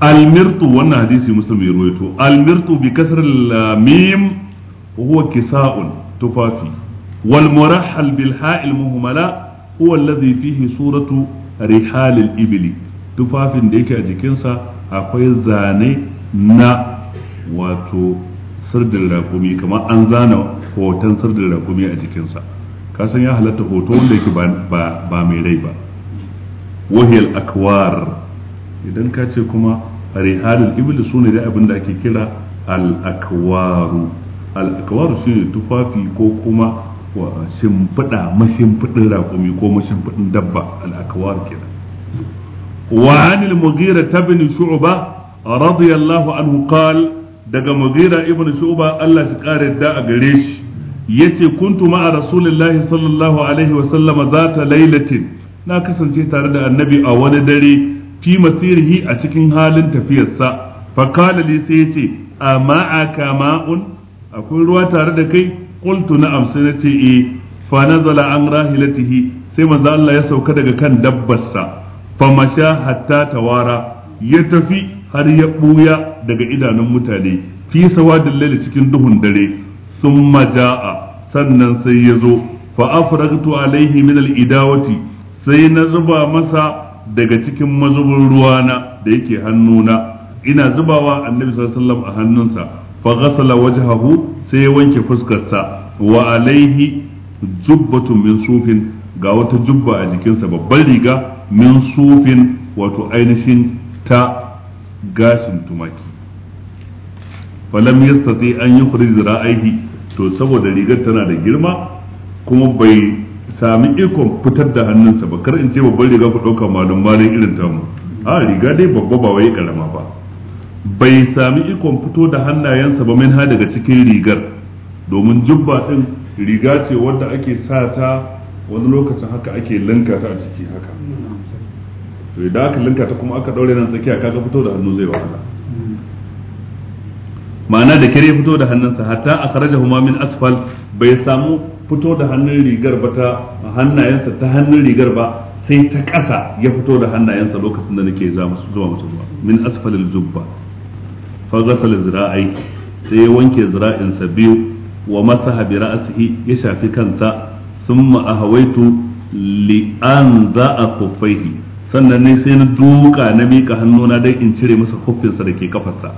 almirtu wannan hadisi muslim ya ruwaito almirtu bi kasr al huwa kisa'un tufafi wal murahhal bil ha'il muhmala huwa alladhi fihi suratu rihal al-ibli tufafin da yake a jikinsa akwai zane na wato sirdin rakumi kamar an zana hoton sirdin rakumi a jikinsa kasan ya halatta hoto wanda yake ba mai rai ba wahiyar akwar idan ka ce kuma rihalul ibli sune da abin da ake kira al-akwaru al-akwaru shine tufafi ko kuma wa shimfida mashimfidin raƙumi ko mashimfidin dabba al-akwar kenan wa anil mughira ibn shu'ba radiyallahu anhu qal daga mughira ibn shu'ba Allah shi kare da a gare shi yace kuntu ma'a rasulillahi sallallahu alaihi wa sallama zata lailatin na kasance tare da annabi a wani dare fi masirihi a cikin halin tafiyarsa fa li sai yace amma aka ma'un akwai ruwa tare da kai qultu na sai ce e fa nazala an rahilatihi sai manzo Allah ya sauka daga kan dabbarsa fa masha hatta tawara ya tafi har ya buya daga idanun mutane fi sawadin laili cikin duhun dare Sun maja'a. sannan sai ya zo fa afragtu alaihi min al-idawati sai na zuba masa daga cikin mazubin ruwana da yake hannuna ina zubawa annabi sallallahu alaihi a hannunsa fa ghasala wajhahu sai ya wanke fuskarsa wa alaihi jubbatun min sufin ga wata jubba a jikinsa babban riga min sufin wato ainihin ta gashin tumaki lam yastati an yukhrij ra'aihi to saboda rigar tana da girma kuma bai sami ikon fitar da hannunsa ba kar in ce babban riga ku ɗauka malum malin irin tamu a riga dai babba ba wai karama ba bai sami ikon fito da hannayensa ba minha daga cikin rigar domin jubba din riga ce wadda ake sa ta wani lokacin haka ake linka ta a ciki haka to idan aka linka ta kuma aka daure nan tsakiya kaga fito da hannu zai wahala ma'ana da kare fito da hannunsa hatta akhrajahu ma min asfal bai samu fito da hannun rigar ba ta hannayensa ta hannun rigar ba sai ta ƙasa ya fito da hannayensa lokacin da nake zuwa masa ruwa min asfalil zubba fa ghasala zira'i sai ya wanke zira'insa biyu wa masaha bi ra'sihi ya shafi kansa summa ahawaitu li anza'a kuffaihi sannan ne sai na duka na mika hannuna dai in cire masa kuffinsa da ke kafarsa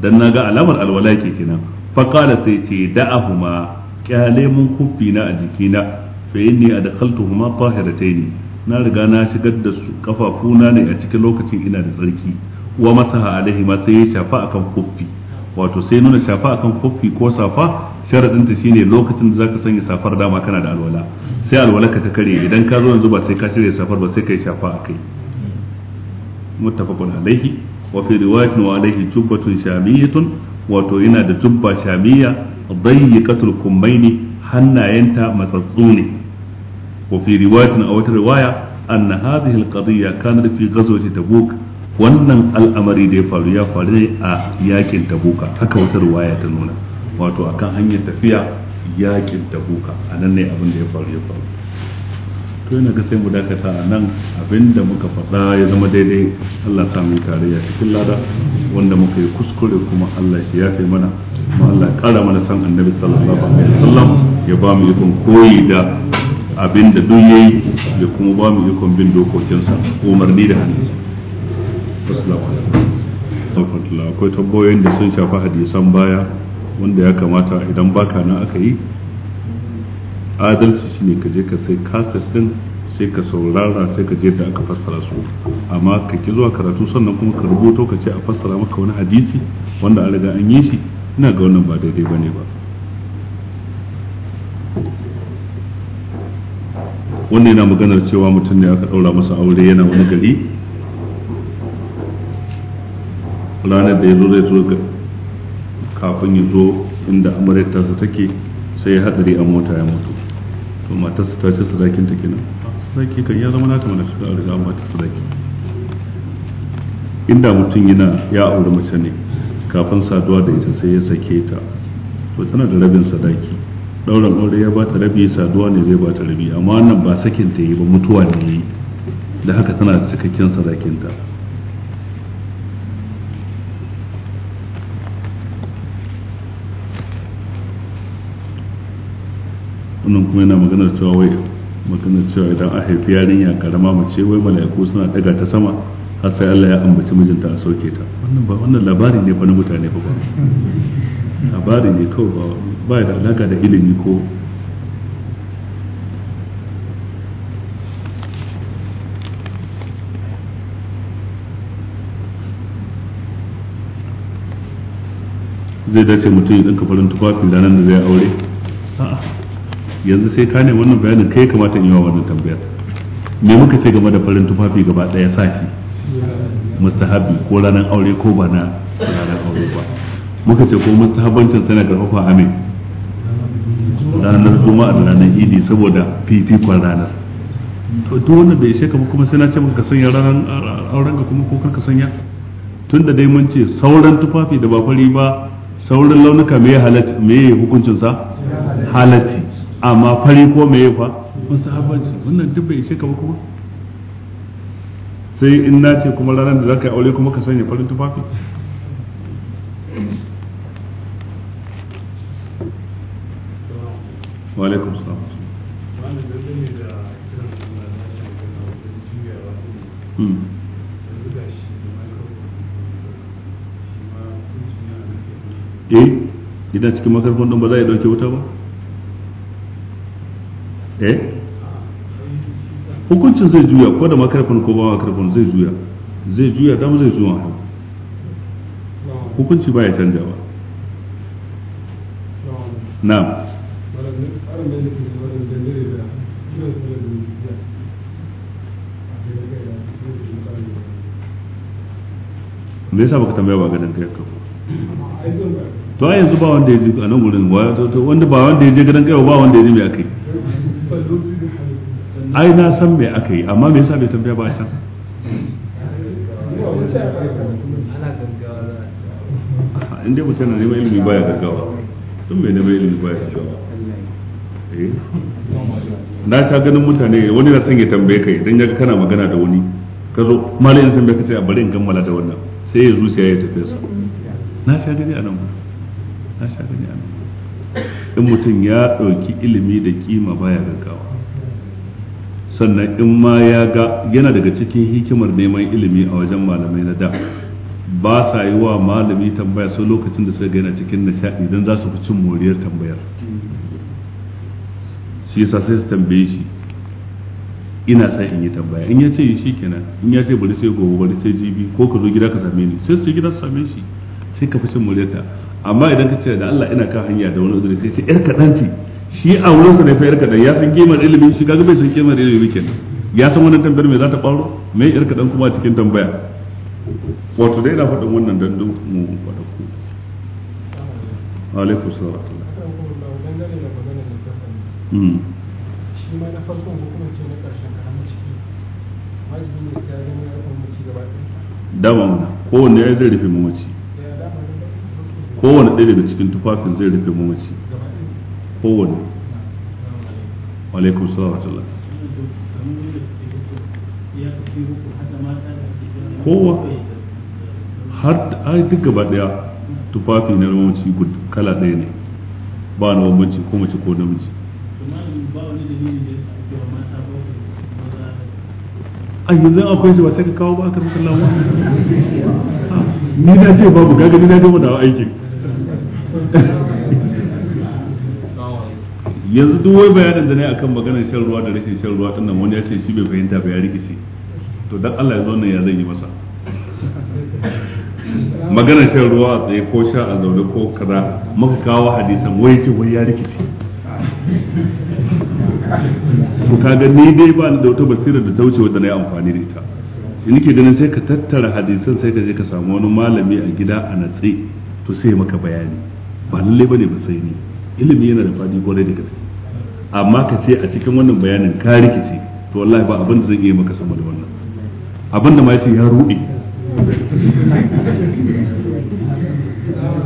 dan naga alamar alwala ke kenan fa qala sai ce da'ahuma kyale mun kuffi na a jikina fa inni adkhaltuhuma tahiratayn na riga na shigar da su kafafuna ne a cikin lokacin ina da tsarki wa masaha alaihi ma sai ya shafa akan kuffi wato sai nuna shafa akan kuffi ko safa sharadin ta shine lokacin da zaka sanya safar dama kana da alwala sai alwala ka ta kare idan ka zo yanzu ba sai ka shirya safar ba sai kai shafa akai muttafaqun alaihi wa fi riwayatin wa alaihi jubbatun shamiyatun wato yana da tubba shamiyya dayyiqatul kummaini hannayenta matsatsu ne wa fi riwayatin a wata riwaya anna hadhihi alqadiyya kanat fi ghazwati tabuk wannan al'amari da ya faru ya faru ne a yakin tabuka haka wata riwaya ta nuna wato akan hanyar tafiya yakin tabuka a nan ne abin da ya faru ya faru to yana ga sai mu dakata a nan abinda muka faɗa ya zama daidai Allah tare ya cikin lada wanda muka yi kuskure kuma Allah shi ya mana Allah ya kara mana san annabi sallallahu alaihi wasallam ya ba mu ikon koyi da abin da duk yayi ya kuma ba mu ikon bin dokokinsa umarni da hannunsa assalamu alaikum akwai tabbayoyin da sun shafi hadisan baya wanda ya kamata idan baka nan aka yi adalci shine ka je ka sai kasar din sai ka saurara sai ka je da aka fassara su amma ka ki zuwa karatu sannan kuma ka rubuto ka ce a fassara maka wani hadisi wanda an riga an yi shi ina ga wannan ba daidai bane ba wannan yana maganar cewa mutum ne aka ɗaura masa aure yana wani gari ranar da ya zo zai zo kafin ya zo inda su take sai ya haɗari a mota ya mutu to matarsa ta ce sadakin ta kenan sadaki kan ya zama nata mana shiga a riga amma ta sadaki inda mutum yana ya aure mace ne kafin saduwa da ita sai ya sake ta to tana da rabin sadaki ɗaurin aure ya bata rabi saduwa ne zai bata rabi amma wannan ba sakin ta yi ba mutuwa ne yi da haka tana da cikakken sadakinta wannan kuma yana maganar cewa wai maganar cewa idan a haifi yarinya karama mace wai mala'iku suna daga ta sama har sai Allah ya ambaci mijinta a sauke ta wannan ba wannan labari ne ba na mutane ba labari ne kawai ba da alaka da ilimi ko zai dace mutum ya ka farin tufafi ranar da zai aure yanzu sai ka ne wannan bayanin kai kamata in yi wa wannan tambayar me muka ce game da farin tufafi gaba ɗaya sashi mustahabi ko ranar aure ko ba na ranar aure ba muka ce ko mustahabancin tana karfafa amin ranar juma'a da ranar idi saboda fifikon ranar to to wanda bai ishe kuma kuma sai na ce maka sanya ranar auren ka kuma ko karka sanya tunda dai mun ce sauran tufafi da ba fari ba sauran launuka me halatti me hukuncin sa halatti amma fari ko me fa mustahabancin wannan duk bai ishe kuma kuma sai in na ce kuma ranar da za ka yi aure kuma ka sanya farin tufafi hmm. eh idan cikin makarfin ɗin ba za a yi ɗauke wuta ba eh hukuncin zai juya ko da makarfin ko ba makarfin zai juya zai juya dama zai juya hau hukunci baya canjawa na me yasa baka tambaya ba gadon kai kafa to a yanzu ba wanda ya ji a nan gurin wanda ba wanda ya je gadon kai ba wanda ya ji mai akai ai na san me aka yi amma me yasa bai tambaya ba a can in dai mutum na neman ilimi baya gaggawa tun mai neman ilimi baya gaggawa eh? na sha ganin mutane wani na son ya tambaye kai don ya kana magana da wani ka zo malayin tambaye kai sai a bari in kammala da wannan sai ya zuciya ya tafi sa na sha gani a nan na sha gani a nan in mutum ya ɗauki ilimi da kima baya gaggawa sannan in ma ya ga yana daga cikin hikimar neman ilimi a wajen malamai na da ba sa yi wa malami tambaya sai lokacin da suka ga yana cikin nishaɗi don za su fi cin moriyar tambayar shi yasa sai su tambaye shi ina sai in yi tambaya in ya ce shi kenan in ya ce bari sai gobe bari sai jibi ko ka zo gida ka same ni sai su gida su same shi sai ka fi cin ta amma idan ka ce da Allah ina kan hanya da wani uzuri sai sai yar kaɗan ce shi a wurinsa sa ne fa yarka da ya san kimar ilimin shi kaga bai san kimar ilimin kenan ya san wannan tambayar me za ta faru me yarka dan kuma cikin tambaya wato dai na faɗin wannan dan mu alaikum salam na hmm. dama mana kowanne ya zai rufe mamaci kowanne ɗaya daga cikin tufafin zai rufe mamaci kowane alaikum salam wa kowa har ai duk gaba daya tufafi na rawanci kala daya ne ba na bambanci ko mace ko namiji a yanzu akwai shi ba sai ka kawo ba aka rufe lawa ni na ce babu gaga ni na gama da aikin yanzu duk wai bayanin da ne akan maganar shan ruwa da rashin shan ruwa tunan wani ya ce shi bai fahimta ba ya rikice to dan Allah ya zo nan ya zan yi masa maganar shan ruwa a tsaye ko sha a zaune ko kaza muka kawo hadisan wai ce wai ya rikice to kaga ni dai ba ni da wata basira da ta wuce wata na yi amfani da ita shi nake ganin sai ka tattara hadisan sai ka je ka samu wani malami a gida a natse to sai maka bayani ba lallai bane ba sai ni ilimi yana da fadi kwarai da gaske amma ka ce a cikin wannan bayanin ka rikice to wallahi ba abin da zai iya maka sama da wannan abin ma yace ya rude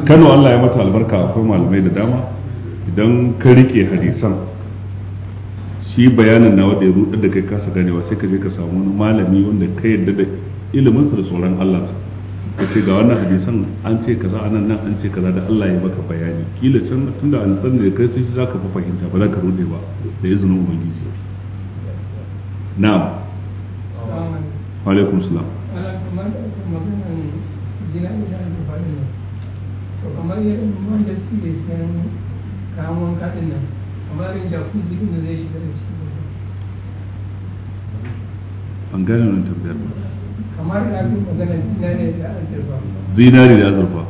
Kano Allah ya mata albarka akwai malamai da dama idan ka rike hadisan shi bayanin na wanda ya rudar da kai kasa ganewa sai ka je ka samu wani malami wanda ka yarda da iliminsa da tsoron Allah sa ka ce ga wannan hadisan an ce kaza anan nan an ce kaza da Allah ya maka bayani kila can tunda an san da kai sai zaka fa fahimta ba za ka rude ba da izinin ubangiji na'am wa alaikum salam kamar yadda wanda suke sayan kayan nan kamar yin jacuzzi din da zai shiga da ciki an gane wannan tambayar ba kamar zinari da azurfa zinari da azurfa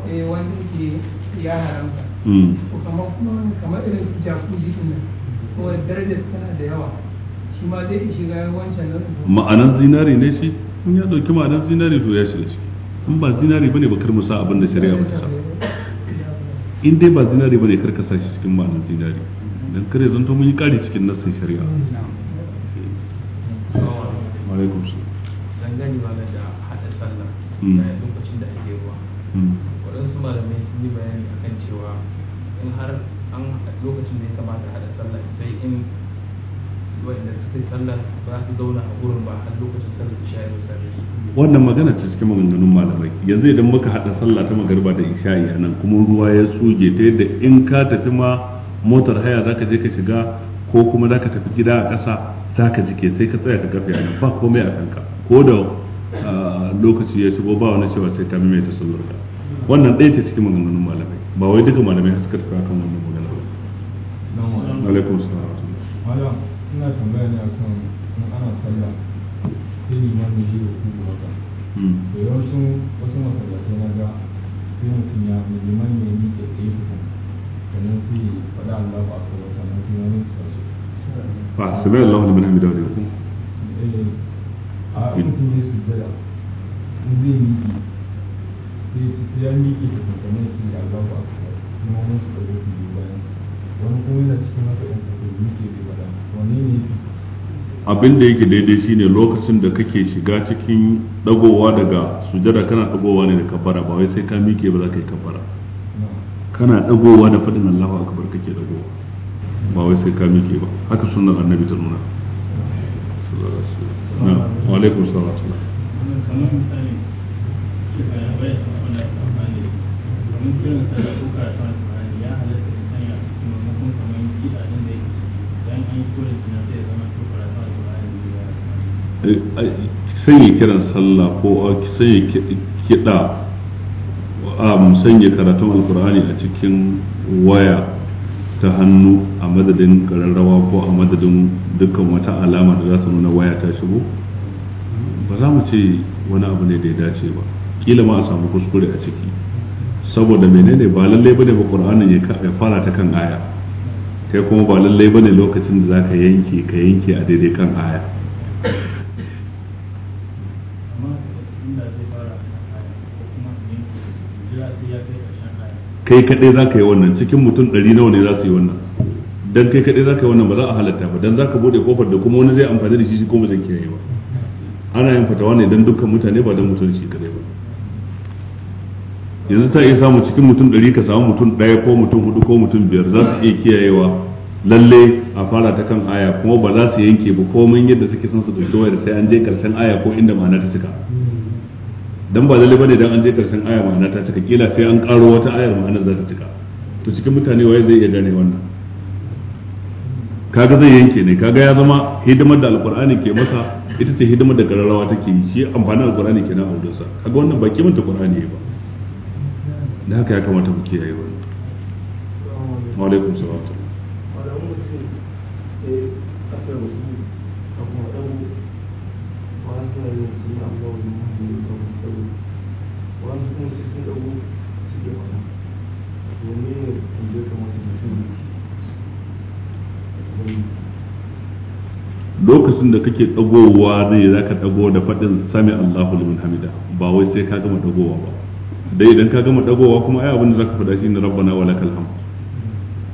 ma'anan zinari ne shi in ya dauki ma'anan zinari to ya shiga ciki in ba zinari bane ba kar mu abin da shari'a ba ta sa in dai ba zinari bane kar ka sa shi cikin ma'anan zinari dan kare to mun yi kari cikin nassin shari'a ba hmm, Hmm. lokacin da ake ruwa hmm. waɗansu malamai sun yi bayani akan cewa in har an lokacin da ya kamata haɗa sallah sai in wa'inda suka yi sallah ba su zauna a gurin ba har lokacin sallar isha ya same su wannan magana ce cikin maganganun malamai yanzu idan muka haɗa sallah ta magarba da isha'i a nan kuma ruwa ya suge ta yadda in ka tafi ma motar haya zaka je ka shiga ko kuma zaka tafi gida a ƙasa zaka jike sai ka tsaya ka gafe a nan ba komai a kanka ko da ah, lokaci ya shigo ba wani cewa sai ka mai ta sallar ka wannan ɗaya ce cikin maganganun malamai ba wai duka malamai suka tafi akan wannan magana ba alaikum salam malam ina tambaya ne akan in ana sallah sai ni liman ya yi ruku haka hmm. to yawancin wasu masallatai na ga sai mutum ya liman ya yi ke ɗaya tukun sannan sai faɗa Allahu akbar sannan sai wani su tashi fa sabai Allahu liman hamidahu ne ko eh a mutum ya sujjada zai miƙe sai ya ci sai ya miƙe da kusurman ya ce da allahu akbar su ma wasu da wasu biyu bayan wani kuma yana cikin haka yan kafa ya miƙe bai bada wani ne ya abin da yake daidai shine lokacin da kake shiga cikin dagowa daga sujada kana dagowa ne da kafara ba wai sai ka miƙe ba za ka yi kafara kana dagowa da faɗin Allahu akbar kake dagowa ba wai sai ka miƙe ba haka sunnar annabi ta nuna sallallahu alaihi wasallam wa alaikum sanya eh, kiran sallah ko ah, sanya kiɗa ah, sanya karatun alkur'ani a cikin waya ta hannu a madadin ƙararrawa ko a madadin dukkan wata alama da za ta nuna waya ta shigo ba za mu ce wani abu ne da ya dace ba kila ma a samu kuskure a ciki saboda menene ba lallai bane ba qur'anin ya fara ta kan aya kai kuma ba lallai bane lokacin da zaka yanke ka yanke a daidai kan aya kai kadai za ka yi wannan cikin mutum ɗari nawa ne za su yi wannan dan kai kadai za ka yi wannan ba za a halatta ba dan za ka bude kofar da kuma wani zai amfani da shi shi kuma zai kiyaye ba ana yin fatawa ne dan dukkan mutane ba dan mutum shi kadai ba yanzu ta iya samu cikin mutum ɗari ka samu mutum ɗaya ko mutum hudu ko mutum biyar za su iya kiyayewa lalle a fara ta kan aya kuma ba za su yanke ba komai yadda suke son su ɗauki wayar sai an je karshen aya ko inda ma'ana ta cika dan ba lalle bane dan an je karshen aya ma'ana ta cika kila sai an karo wata ayar ma'anar za ta cika to cikin mutane waye zai iya gane wannan kaga zai yanke ne kaga ya zama hidimar da alqur'ani ke masa ita ce hidimar da kararrawa take yi shi amfanin alqur'ani kenan a wurinsa kaga wannan ba kimanta qur'ani ba da haka ya kamata ku kiyaye wani wa alaikum salam lokacin da kake dagowa ne za ka dago da faɗin sami Allahu liman hamida ba wai sai ka gama dagowa ba dai idan ka gama dagowa kuma ai abin da zaka faɗa shine rabbana wa lakal hamd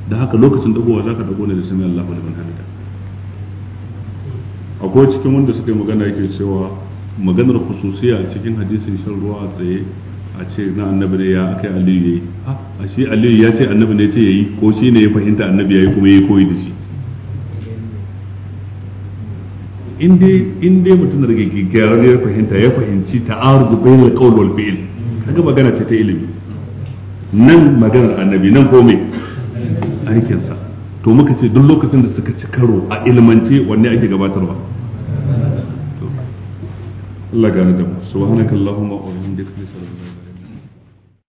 da haka lokacin dagowa zaka dago ne da sami Allahu liman hamida akwai cikin wanda suka yi magana yake cewa maganar khususiya cikin hadisin shan ruwa a tsaye a ce na annabi ne ya akai aliyu yayi a shi aliyu ya ce annabi ne ce yayi ko shi ne ya fahimta annabi yayi kuma yayi koyi da shi in dai mutum da rage ya fahimta ya fahimci ta'arudu bayan da wal fi'l kaga magana ce ta ilimi nan maganar annabi nan ko me sa to muka ce duk lokacin da suka ci karo a ilmance wanne ake gabatarwa Allah da mu subhanakallahumma wa